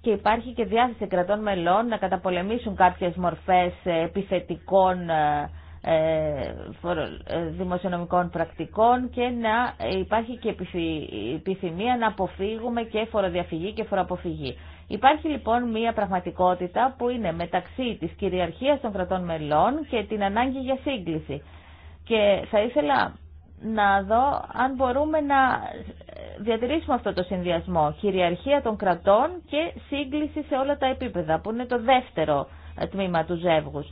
και υπάρχει και διάθεση κρατών μελών να καταπολεμήσουν κάποιες μορφές επιθετικών ε, ε, δημοσιονομικών πρακτικών και να υπάρχει και επιθυμία να αποφύγουμε και φοροδιαφυγή και φοροαποφυγή. Υπάρχει λοιπόν μια πραγματικότητα που είναι μεταξύ της κυριαρχίας των κρατών μελών και την ανάγκη για σύγκληση. Και θα ήθελα να δω αν μπορούμε να διατηρήσουμε αυτό το συνδυασμό. Κυριαρχία των κρατών και σύγκληση σε όλα τα επίπεδα, που είναι το δεύτερο τμήμα του ζεύγους.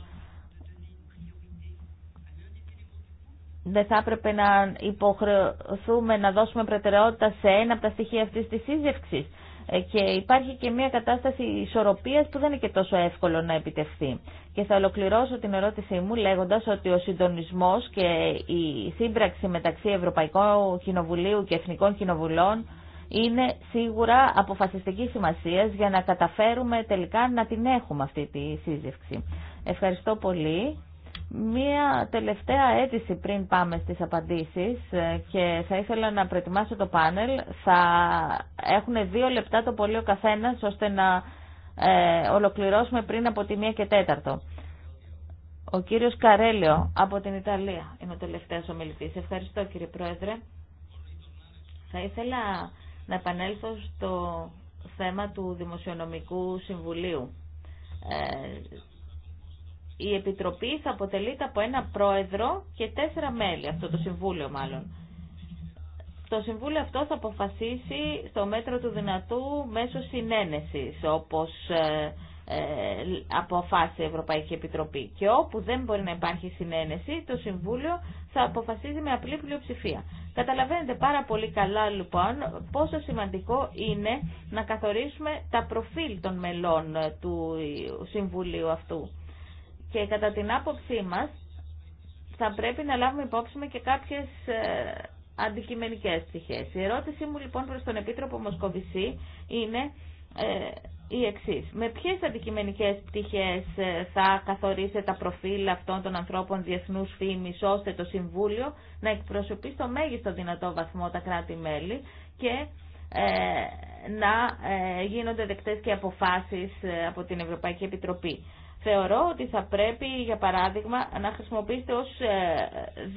δεν θα έπρεπε να υποχρεωθούμε να δώσουμε προτεραιότητα σε ένα από τα στοιχεία αυτή τη σύζευξη. Ε, και υπάρχει και μια κατάσταση ισορροπίας που δεν είναι και τόσο εύκολο να επιτευχθεί. Και θα ολοκληρώσω την ερώτησή μου λέγοντα ότι ο συντονισμό και η σύμπραξη μεταξύ Ευρωπαϊκού Κοινοβουλίου και Εθνικών Κοινοβουλών είναι σίγουρα αποφασιστική σημασία για να καταφέρουμε τελικά να την έχουμε αυτή τη σύζευξη. Ευχαριστώ πολύ. Μία τελευταία αίτηση πριν πάμε στις απαντήσεις ε, και θα ήθελα να προετοιμάσω το πάνελ. Θα έχουν δύο λεπτά το πολύ ο καθένας ώστε να ε, ολοκληρώσουμε πριν από τη μία και τέταρτο. Ο κύριος Καρέλιο από την Ιταλία είναι ο τελευταίος ομιλητής. Ευχαριστώ κύριε Πρόεδρε. Θα ήθελα να επανέλθω στο θέμα του Δημοσιονομικού Συμβουλίου. Ε, η Επιτροπή θα αποτελείται από ένα πρόεδρο και τέσσερα μέλη, αυτό το Συμβούλιο μάλλον. Το Συμβούλιο αυτό θα αποφασίσει στο μέτρο του δυνατού μέσω συνένεσης, όπως ε, ε, αποφάσισε η Ευρωπαϊκή Επιτροπή. Και όπου δεν μπορεί να υπάρχει συνένεση, το Συμβούλιο θα αποφασίζει με απλή πλειοψηφία. Καταλαβαίνετε πάρα πολύ καλά λοιπόν πόσο σημαντικό είναι να καθορίσουμε τα προφίλ των μελών του Συμβουλίου αυτού. Και κατά την άποψή μας θα πρέπει να λάβουμε υπόψη με και κάποιες ε, αντικειμενικές πτυχές. Η ερώτησή μου λοιπόν προς τον Επίτροπο Μοσκοβισή είναι ε, η εξή. Με ποιες αντικειμενικές πτυχές ε, θα καθορίσετε τα προφίλ αυτών των ανθρώπων διεθνούς φήμης ώστε το Συμβούλιο να εκπροσωπεί στο μέγιστο δυνατό βαθμό τα κράτη-μέλη και να γίνονται δεκτές και αποφάσεις από την Ευρωπαϊκή Επιτροπή. Θεωρώ ότι θα πρέπει, για παράδειγμα, να χρησιμοποιήσετε ως ε,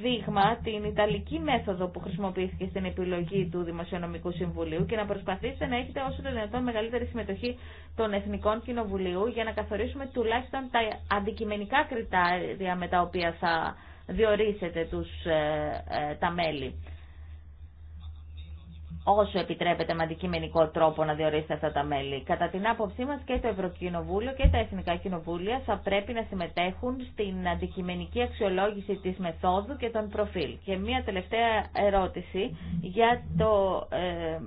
δείγμα την Ιταλική μέθοδο που χρησιμοποιήθηκε στην επιλογή του Δημοσιονομικού Συμβουλίου και να προσπαθήσετε να έχετε όσο το δυνατόν μεγαλύτερη συμμετοχή των Εθνικών Κοινοβουλίου για να καθορίσουμε τουλάχιστον τα αντικειμενικά κριτάρια με τα οποία θα διορίσετε τους, ε, ε, τα μέλη όσο επιτρέπεται με αντικειμενικό τρόπο να διορίσετε αυτά τα μέλη. Κατά την άποψή μας και το Ευρωκοινοβούλιο και τα Εθνικά Κοινοβούλια θα πρέπει να συμμετέχουν στην αντικειμενική αξιολόγηση της μεθόδου και των προφίλ. Και μία τελευταία ερώτηση για το ε,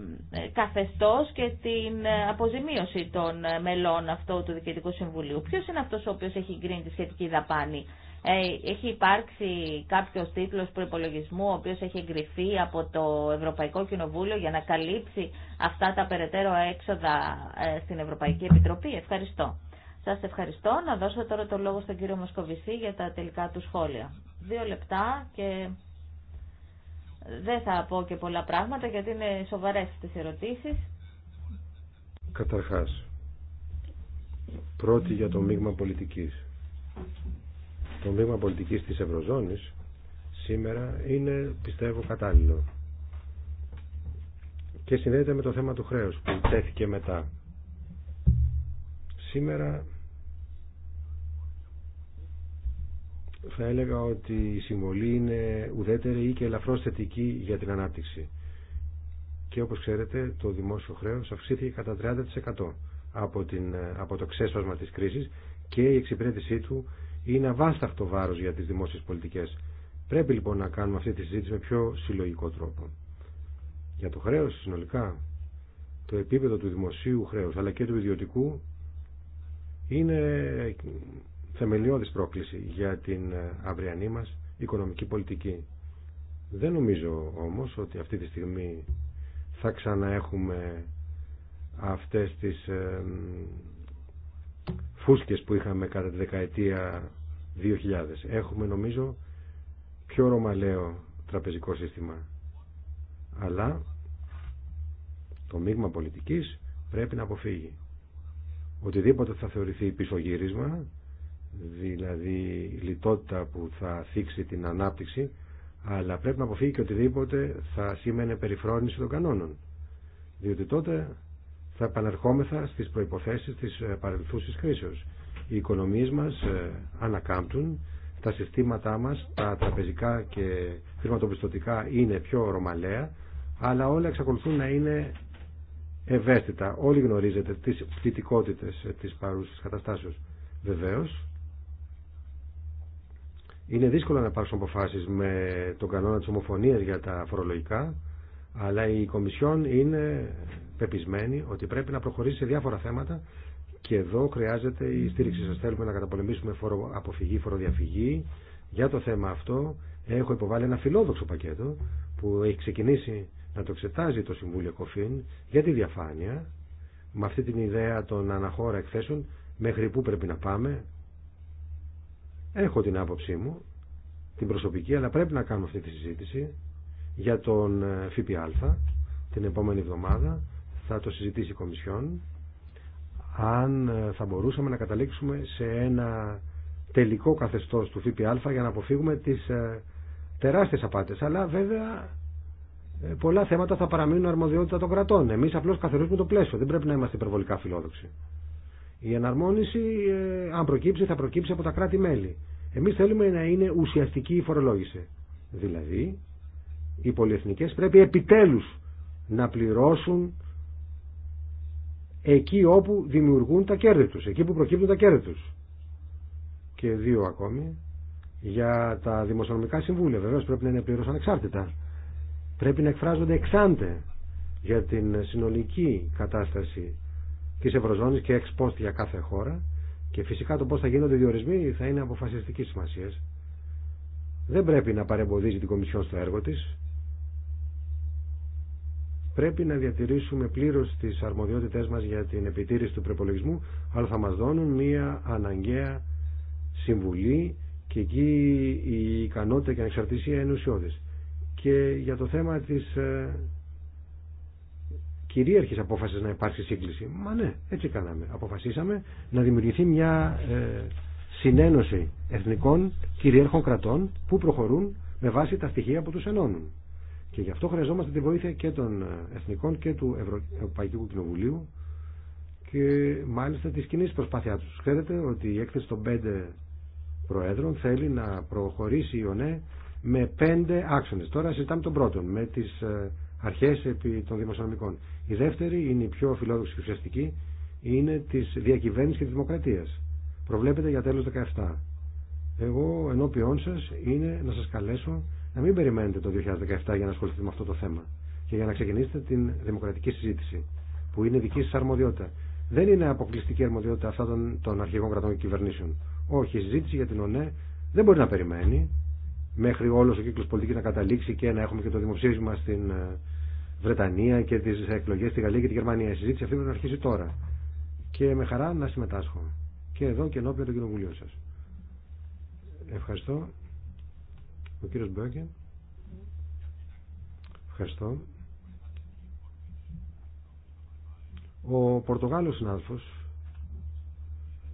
καθεστώς και την αποζημίωση των μελών αυτού του Διοικητικού Συμβουλίου. Ποιος είναι αυτός ο οποίος έχει γκρίνει τη σχετική δαπάνη. Ε, έχει υπάρξει κάποιος τίτλος προπολογισμού ο οποίος έχει εγκριθεί από το Ευρωπαϊκό Κοινοβούλιο για να καλύψει αυτά τα περαιτέρω έξοδα ε, στην Ευρωπαϊκή Επιτροπή. Ευχαριστώ. Σας ευχαριστώ. Να δώσω τώρα το λόγο στον κύριο Μοσκοβισή για τα τελικά του σχόλια. Δύο λεπτά και δεν θα πω και πολλά πράγματα γιατί είναι σοβαρές τις ερωτήσεις. Καταρχάς, πρώτη για το μείγμα πολιτικής το μείγμα πολιτικής της Ευρωζώνης σήμερα είναι πιστεύω κατάλληλο και συνδέεται με το θέμα του χρέους που τέθηκε μετά σήμερα θα έλεγα ότι η συμβολή είναι ουδέτερη ή και ελαφρώς θετική για την ανάπτυξη και όπως ξέρετε το δημόσιο χρέος αυξήθηκε κατά 30% από, την, από το ξέσπασμα της κρίσης και η εξυπηρέτησή του είναι αβάσταχτο βάρος για τις δημόσιες πολιτικές. Πρέπει λοιπόν να κάνουμε αυτή τη συζήτηση με πιο συλλογικό τρόπο. Για το χρέος συνολικά, το επίπεδο του δημοσίου χρέους αλλά και του ιδιωτικού είναι θεμελιώδης πρόκληση για την ε, αυριανή μας οικονομική πολιτική. Δεν νομίζω όμως ότι αυτή τη στιγμή θα ξαναέχουμε αυτές τις ε, φούσκες που είχαμε κατά τη δεκαετία 2000. Έχουμε νομίζω πιο ρωμαλαίο τραπεζικό σύστημα. Αλλά το μείγμα πολιτικής πρέπει να αποφύγει. Οτιδήποτε θα θεωρηθεί γύρισμα δηλαδή λιτότητα που θα θίξει την ανάπτυξη, αλλά πρέπει να αποφύγει και οτιδήποτε θα σήμαινε περιφρόνηση των κανόνων. Διότι τότε θα επανερχόμεθα στις προϋποθέσεις της ε, παρελθούσης κρίσεως. Οι οικονομίες μας ε, ανακάμπτουν, τα συστήματά μας, τα τραπεζικά και χρηματοπιστωτικά είναι πιο ρωμαλαία, αλλά όλα εξακολουθούν να είναι ευαίσθητα. Όλοι γνωρίζετε τις πτυτικότητες ε, της παρούσης καταστάσεως. Βεβαίως, είναι δύσκολο να υπάρξουν αποφάσεις με τον κανόνα της ομοφωνίας για τα φορολογικά, αλλά η Κομισιόν είναι πεπισμένη ότι πρέπει να προχωρήσει σε διάφορα θέματα και εδώ χρειάζεται η στήριξη σας. Θέλουμε να καταπολεμήσουμε φορο αποφυγή, φοροδιαφυγή. Για το θέμα αυτό έχω υποβάλει ένα φιλόδοξο πακέτο που έχει ξεκινήσει να το εξετάζει το Συμβούλιο Κοφίν για τη διαφάνεια με αυτή την ιδέα των αναχώρα εκθέσεων μέχρι πού πρέπει να πάμε. Έχω την άποψή μου, την προσωπική, αλλά πρέπει να κάνω αυτή τη συζήτηση για τον ε, ΦΠΑ την επόμενη εβδομάδα θα το συζητήσει η Κομισιόν αν ε, θα μπορούσαμε να καταλήξουμε σε ένα τελικό καθεστώς του ΦΠΑ για να αποφύγουμε τις ε, τεράστιες απάτες αλλά βέβαια πολλά θέματα θα παραμείνουν αρμοδιότητα των κρατών εμείς απλώς καθορίζουμε το πλαίσιο δεν πρέπει να είμαστε υπερβολικά φιλόδοξοι η εναρμόνιση αν προκύψει θα προκύψει από τα κράτη-μέλη εμείς θέλουμε να είναι ουσιαστική η φορολόγηση δηλαδή οι πολυεθνικές πρέπει επιτέλους να πληρώσουν εκεί όπου δημιουργούν τα κέρδη τους, εκεί που προκύπτουν τα κέρδη τους. Και δύο ακόμη για τα δημοσιονομικά συμβούλια. Βεβαίως πρέπει να είναι πλήρως ανεξάρτητα. Πρέπει να εκφράζονται εξάντε για την συνολική κατάσταση της Ευρωζώνης και εξ για κάθε χώρα και φυσικά το πώς θα γίνονται οι διορισμοί θα είναι αποφασιστική σημασία δεν πρέπει να παρεμποδίζει την Κομισιόν στο έργο της. Πρέπει να διατηρήσουμε πλήρως τις αρμοδιότητές μας για την επιτήρηση του προπολογισμού, αλλά θα μας δώνουν μία αναγκαία συμβουλή και εκεί η ικανότητα και η ανεξαρτησία είναι ουσιώδης. Και για το θέμα της ε, κυρίαρχης απόφασης να υπάρξει σύγκληση. Μα ναι, έτσι κάναμε. Αποφασίσαμε να δημιουργηθεί μια ε, συνένωση εθνικών κυρίαρχων κρατών που προχωρούν με βάση τα στοιχεία που τους ενώνουν. Και γι' αυτό χρειαζόμαστε τη βοήθεια και των ε, Εθνικών και του Ευρωπαϊκού Κοινοβουλίου και μάλιστα τη κοινή προσπάθειά του. Ξέρετε ότι η έκθεση των πέντε προέδρων θέλει να προχωρήσει η ΟΝΕ με πέντε άξονε. Τώρα συζητάμε τον πρώτον, με τι ε, αρχέ των δημοσιονομικών. Η δεύτερη είναι η πιο φιλόδοξη και ουσιαστική, είναι τη διακυβέρνηση και τη δημοκρατία προβλέπετε για τέλος 17. Εγώ ενώπιόν σας είναι να σας καλέσω να μην περιμένετε το 2017 για να ασχοληθείτε με αυτό το θέμα και για να ξεκινήσετε την δημοκρατική συζήτηση που είναι δική σας αρμοδιότητα. Δεν είναι αποκλειστική αρμοδιότητα αυτά των, των αρχηγών κρατών και κυβερνήσεων. Όχι, η συζήτηση για την ΟΝΕ δεν μπορεί να περιμένει μέχρι όλος ο κύκλος πολιτικής να καταλήξει και να έχουμε και το δημοψήφισμα στην ε, Βρετανία και τις εκλογές στη Γαλλία και τη Γερμανία. Η συζήτηση αυτή πρέπει να αρχίσει τώρα. Και με χαρά να συμμετάσχω και εδώ και ενώπιον του κοινοβουλίου σας. Ευχαριστώ. Ο κύριος Μπέκε. Ευχαριστώ. Ο Πορτογάλος συνάδελφος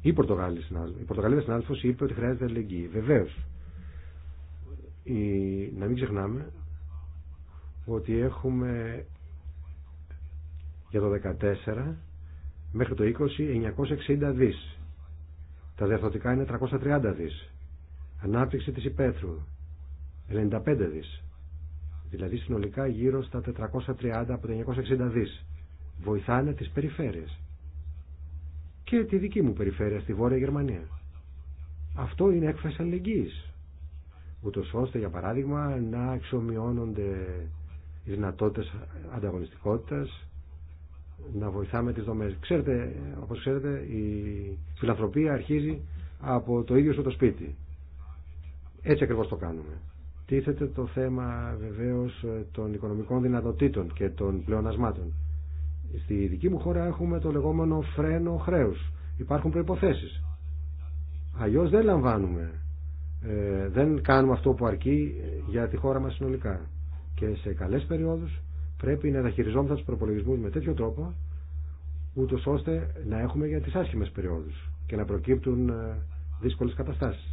η Πορτογαλία συνάδελφος, η Πορτογαλία συνάδελφος είπε ότι χρειάζεται αλληλεγγύη. βεβαίω. να μην ξεχνάμε ότι έχουμε για το 14 μέχρι το 20 960 δις τα διαρθρωτικά είναι 330 δι, Ανάπτυξη τη υπαίθρου 95 δι, Δηλαδή συνολικά γύρω στα 430 από τα 960 δι, Βοηθάνε τι περιφέρειες. Και τη δική μου περιφέρεια στη Βόρεια Γερμανία. Αυτό είναι έκφραση αλληλεγγύη. Ούτω ώστε για παράδειγμα να εξομοιώνονται οι δυνατότητε ανταγωνιστικότητα να βοηθάμε τις δομές. Ξέρετε, όπως ξέρετε, η φιλανθρωπία αρχίζει από το ίδιο σου το σπίτι. Έτσι ακριβώς το κάνουμε. Τίθεται το θέμα βεβαίως των οικονομικών δυνατοτήτων και των πλεονασμάτων. Στη δική μου χώρα έχουμε το λεγόμενο φρένο χρέους. Υπάρχουν προϋποθέσεις. Αλλιώς δεν λαμβάνουμε. Ε, δεν κάνουμε αυτό που αρκεί ε, για τη χώρα μας συνολικά. Και σε καλές περιόδους πρέπει να διαχειριζόμαστε του προπολογισμού με τέτοιο τρόπο, ούτω ώστε να έχουμε για τι άσχημε περιόδου και να προκύπτουν ε, δύσκολε καταστάσει.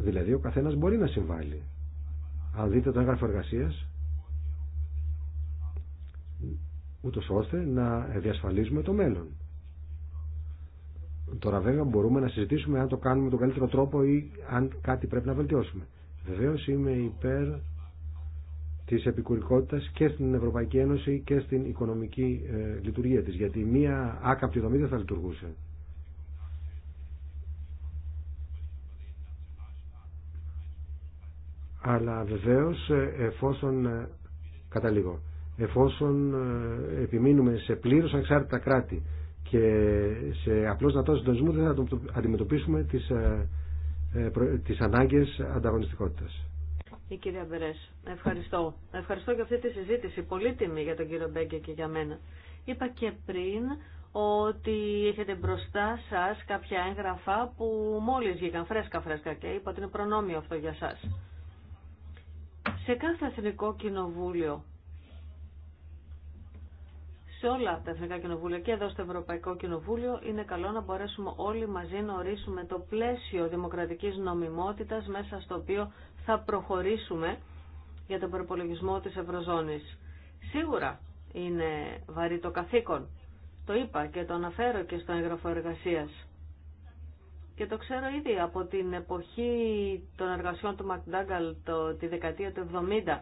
Δηλαδή ο καθένας μπορεί να συμβάλλει. Αν δείτε το έγγραφο εργασία, ούτω ώστε να διασφαλίζουμε το μέλλον. Τώρα βέβαια μπορούμε να συζητήσουμε αν το κάνουμε τον καλύτερο τρόπο ή αν κάτι πρέπει να βελτιώσουμε. Βεβαίω είμαι υπέρ της επικουρικότητα και στην Ευρωπαϊκή Ένωση και στην οικονομική ε, λειτουργία της γιατί μία άκαπτη δομή δεν θα λειτουργούσε. Αλλά βεβαίω, ε, εφόσον ε, καταλήγω εφόσον επιμείνουμε σε πλήρω ανεξάρτητα κράτη και σε απλώς δυνατό συντονισμού δεν θα αντιμετωπίσουμε τις ε, τις ανάγκες ανταγωνιστικότητας. Η κυρία Μπερές, ευχαριστώ. Ευχαριστώ για αυτή τη συζήτηση, πολύτιμη για τον κύριο Μπέγκε και για μένα. Είπα και πριν ότι έχετε μπροστά σας κάποια έγγραφα που μόλις βγήκαν φρέσκα φρέσκα και είπα ότι είναι προνόμιο αυτό για σας. Σε κάθε εθνικό κοινοβούλιο σε όλα τα Εθνικά Κοινοβούλια και εδώ στο Ευρωπαϊκό Κοινοβούλιο είναι καλό να μπορέσουμε όλοι μαζί να ορίσουμε το πλαίσιο δημοκρατικής νομιμότητας μέσα στο οποίο θα προχωρήσουμε για τον προπολογισμό της Ευρωζώνης. Σίγουρα είναι βαρύ το καθήκον. Το είπα και το αναφέρω και στο έγγραφο εργασία. Και το ξέρω ήδη από την εποχή των εργασιών του Μακντάγκαλ το, τη δεκαετία του 70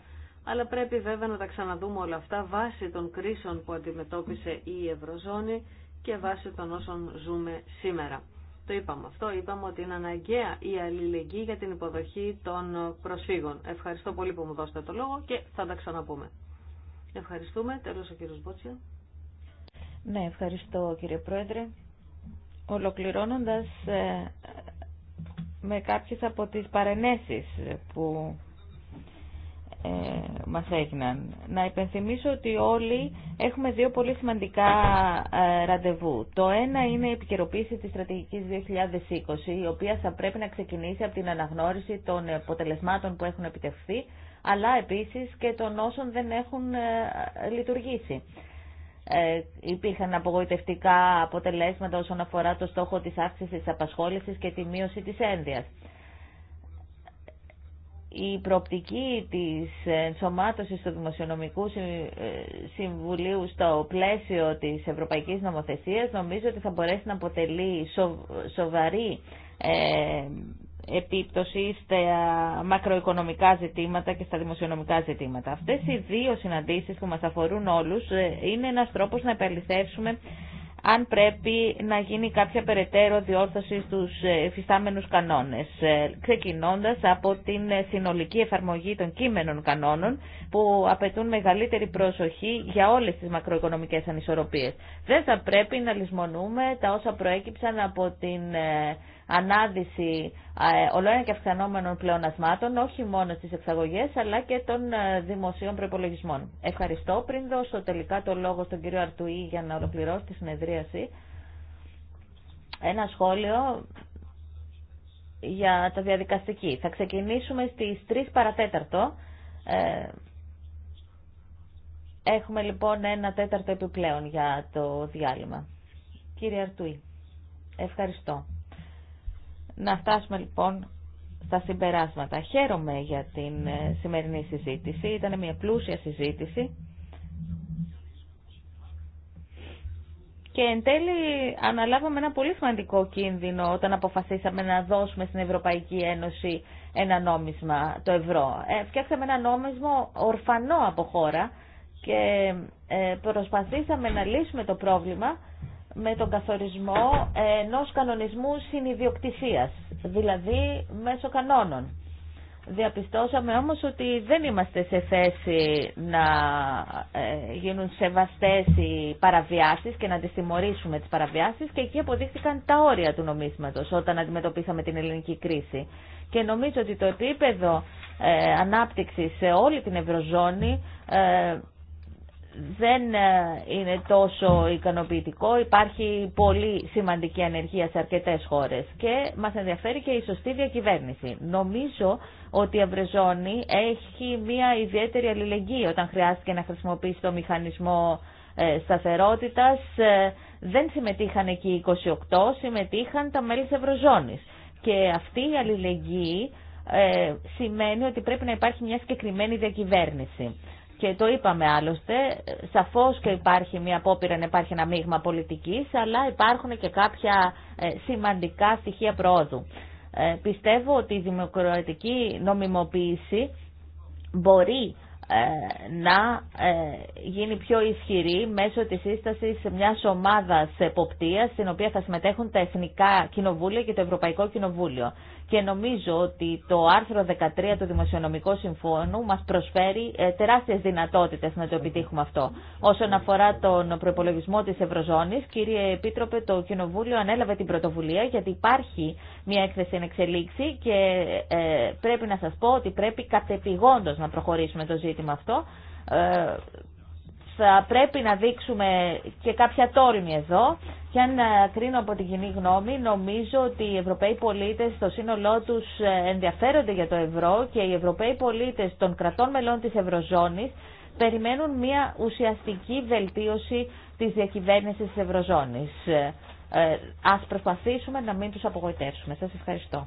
αλλά πρέπει βέβαια να τα ξαναδούμε όλα αυτά βάσει των κρίσεων που αντιμετώπισε η Ευρωζώνη και βάσει των όσων ζούμε σήμερα. Το είπαμε αυτό, είπαμε ότι είναι αναγκαία η αλληλεγγύη για την υποδοχή των προσφύγων. Ευχαριστώ πολύ που μου δώσετε το λόγο και θα τα ξαναπούμε. Ευχαριστούμε. Τέλος ο κύριος Μπότσια. Ναι, ευχαριστώ κύριε Πρόεδρε. Ολοκληρώνοντας ε, με κάποιες από τις παρενέσεις που ε, μας έγιναν. Να υπενθυμίσω ότι όλοι έχουμε δύο πολύ σημαντικά ε, ραντεβού. Το ένα είναι η επικαιροποίηση της στρατηγικής 2020, η οποία θα πρέπει να ξεκινήσει από την αναγνώριση των αποτελεσμάτων που έχουν επιτευχθεί, αλλά επίσης και των όσων δεν έχουν ε, λειτουργήσει. Ε, υπήρχαν απογοητευτικά αποτελέσματα όσον αφορά το στόχο της αύξησης της απασχόλησης και τη μείωση της ένδειας η προοπτική της ενσωμάτωσης του Δημοσιονομικού ε, Συμβουλίου στο πλαίσιο της Ευρωπαϊκής Νομοθεσίας νομίζω ότι θα μπορέσει να αποτελεί σοβαρή ε, επίπτωση στα μακροοικονομικά ζητήματα και στα δημοσιονομικά ζητήματα. Αυτές οι δύο συναντήσεις που μας αφορούν όλους ε, είναι ένας τρόπος να επαληθεύσουμε αν πρέπει να γίνει κάποια περαιτέρω διόρθωση στους εφιστάμενους κανόνες, ε, ξεκινώντας από την ε, συνολική εφαρμογή των κείμενων κανόνων που απαιτούν μεγαλύτερη προσοχή για όλες τις μακροοικονομικές ανισορροπίες. Δεν θα πρέπει να λησμονούμε τα όσα προέκυψαν από την ε, ανάδυση ε, ολόκληρων και αυξανόμενων πλεονασμάτων, όχι μόνο στις εξαγωγές, αλλά και των ε, δημοσίων προπολογισμών. Ευχαριστώ. Πριν δώσω τελικά το λόγο στον κύριο Αρτουή για να ολοκληρώσει τη συνεδρίαση, ένα σχόλιο για τα διαδικαστική. Θα ξεκινήσουμε στις 3 παρατέταρτο. Ε, έχουμε λοιπόν ένα τέταρτο επιπλέον για το διάλειμμα. Κύριε Αρτουή, ευχαριστώ να φτάσουμε λοιπόν στα συμπεράσματα. Χαίρομαι για την ε, σημερινή συζήτηση. Ήταν μια πλούσια συζήτηση. Και εν τέλει αναλάβαμε ένα πολύ σημαντικό κίνδυνο όταν αποφασίσαμε να δώσουμε στην Ευρωπαϊκή Ένωση ένα νόμισμα, το ευρώ. Ε, φτιάξαμε ένα νόμισμα ορφανό από χώρα και ε, προσπαθήσαμε να λύσουμε το πρόβλημα με τον καθορισμό ενός κανονισμού συνειδιοκτησίας, δηλαδή μέσω κανόνων. Διαπιστώσαμε όμως ότι δεν είμαστε σε θέση να ε, γίνουν σεβαστές οι παραβιάσεις και να τις τιμωρήσουμε τις παραβιάσεις και εκεί αποδείχθηκαν τα όρια του νομίσματος όταν αντιμετωπίσαμε την ελληνική κρίση. Και νομίζω ότι το επίπεδο ε, ανάπτυξης σε όλη την Ευρωζώνη ε, δεν ε, είναι τόσο ικανοποιητικό. Υπάρχει πολύ σημαντική ανεργία σε αρκετές χώρες και μας ενδιαφέρει και η σωστή διακυβέρνηση. Νομίζω ότι η Ευρωζώνη έχει μια ιδιαίτερη αλληλεγγύη όταν χρειάστηκε να χρησιμοποιήσει το μηχανισμό ε, σταθερότητας. Ε, δεν συμμετείχαν εκεί οι 28, συμμετείχαν τα μέλη της Ευρωζώνης. Και αυτή η αλληλεγγύη σημαίνει ότι πρέπει να υπάρχει μια συγκεκριμένη διακυβέρνηση. Και το είπαμε άλλωστε, σαφώς και υπάρχει μια απόπειρα να υπάρχει ένα μείγμα πολιτικής, αλλά υπάρχουν και κάποια ε, σημαντικά στοιχεία προόδου. Ε, πιστεύω ότι η δημοκρατική νομιμοποίηση μπορεί ε, να γίνει πιο ισχυρή μέσω της σύστασης μιας ομάδας εποπτείας στην οποία θα συμμετέχουν τα Εθνικά Κοινοβούλια και το Ευρωπαϊκό Κοινοβούλιο και νομίζω ότι το άρθρο 13 του Δημοσιονομικού Συμφώνου μας προσφέρει ε, τεράστιες δυνατότητες να το επιτύχουμε αυτό. Όσον αφορά τον προπολογισμό της Ευρωζώνης, κύριε Επίτροπε, το Κοινοβούλιο ανέλαβε την πρωτοβουλία γιατί υπάρχει μια έκθεση εν εξελίξη και ε, πρέπει να σας πω ότι πρέπει κατεπηγόντως να προχωρήσουμε το ζήτημα αυτό ε, θα πρέπει να δείξουμε και κάποια τόρμη εδώ και αν ε, κρίνω από την κοινή γνώμη νομίζω ότι οι Ευρωπαίοι πολίτες στο σύνολό τους ε, ενδιαφέρονται για το ευρώ και οι Ευρωπαίοι πολίτες των κρατών μελών της Ευρωζώνης περιμένουν μια ουσιαστική βελτίωση της διακυβέρνησης της Ευρωζώνης. Ε, ας προσπαθήσουμε να μην τους απογοητεύσουμε. Σας ευχαριστώ.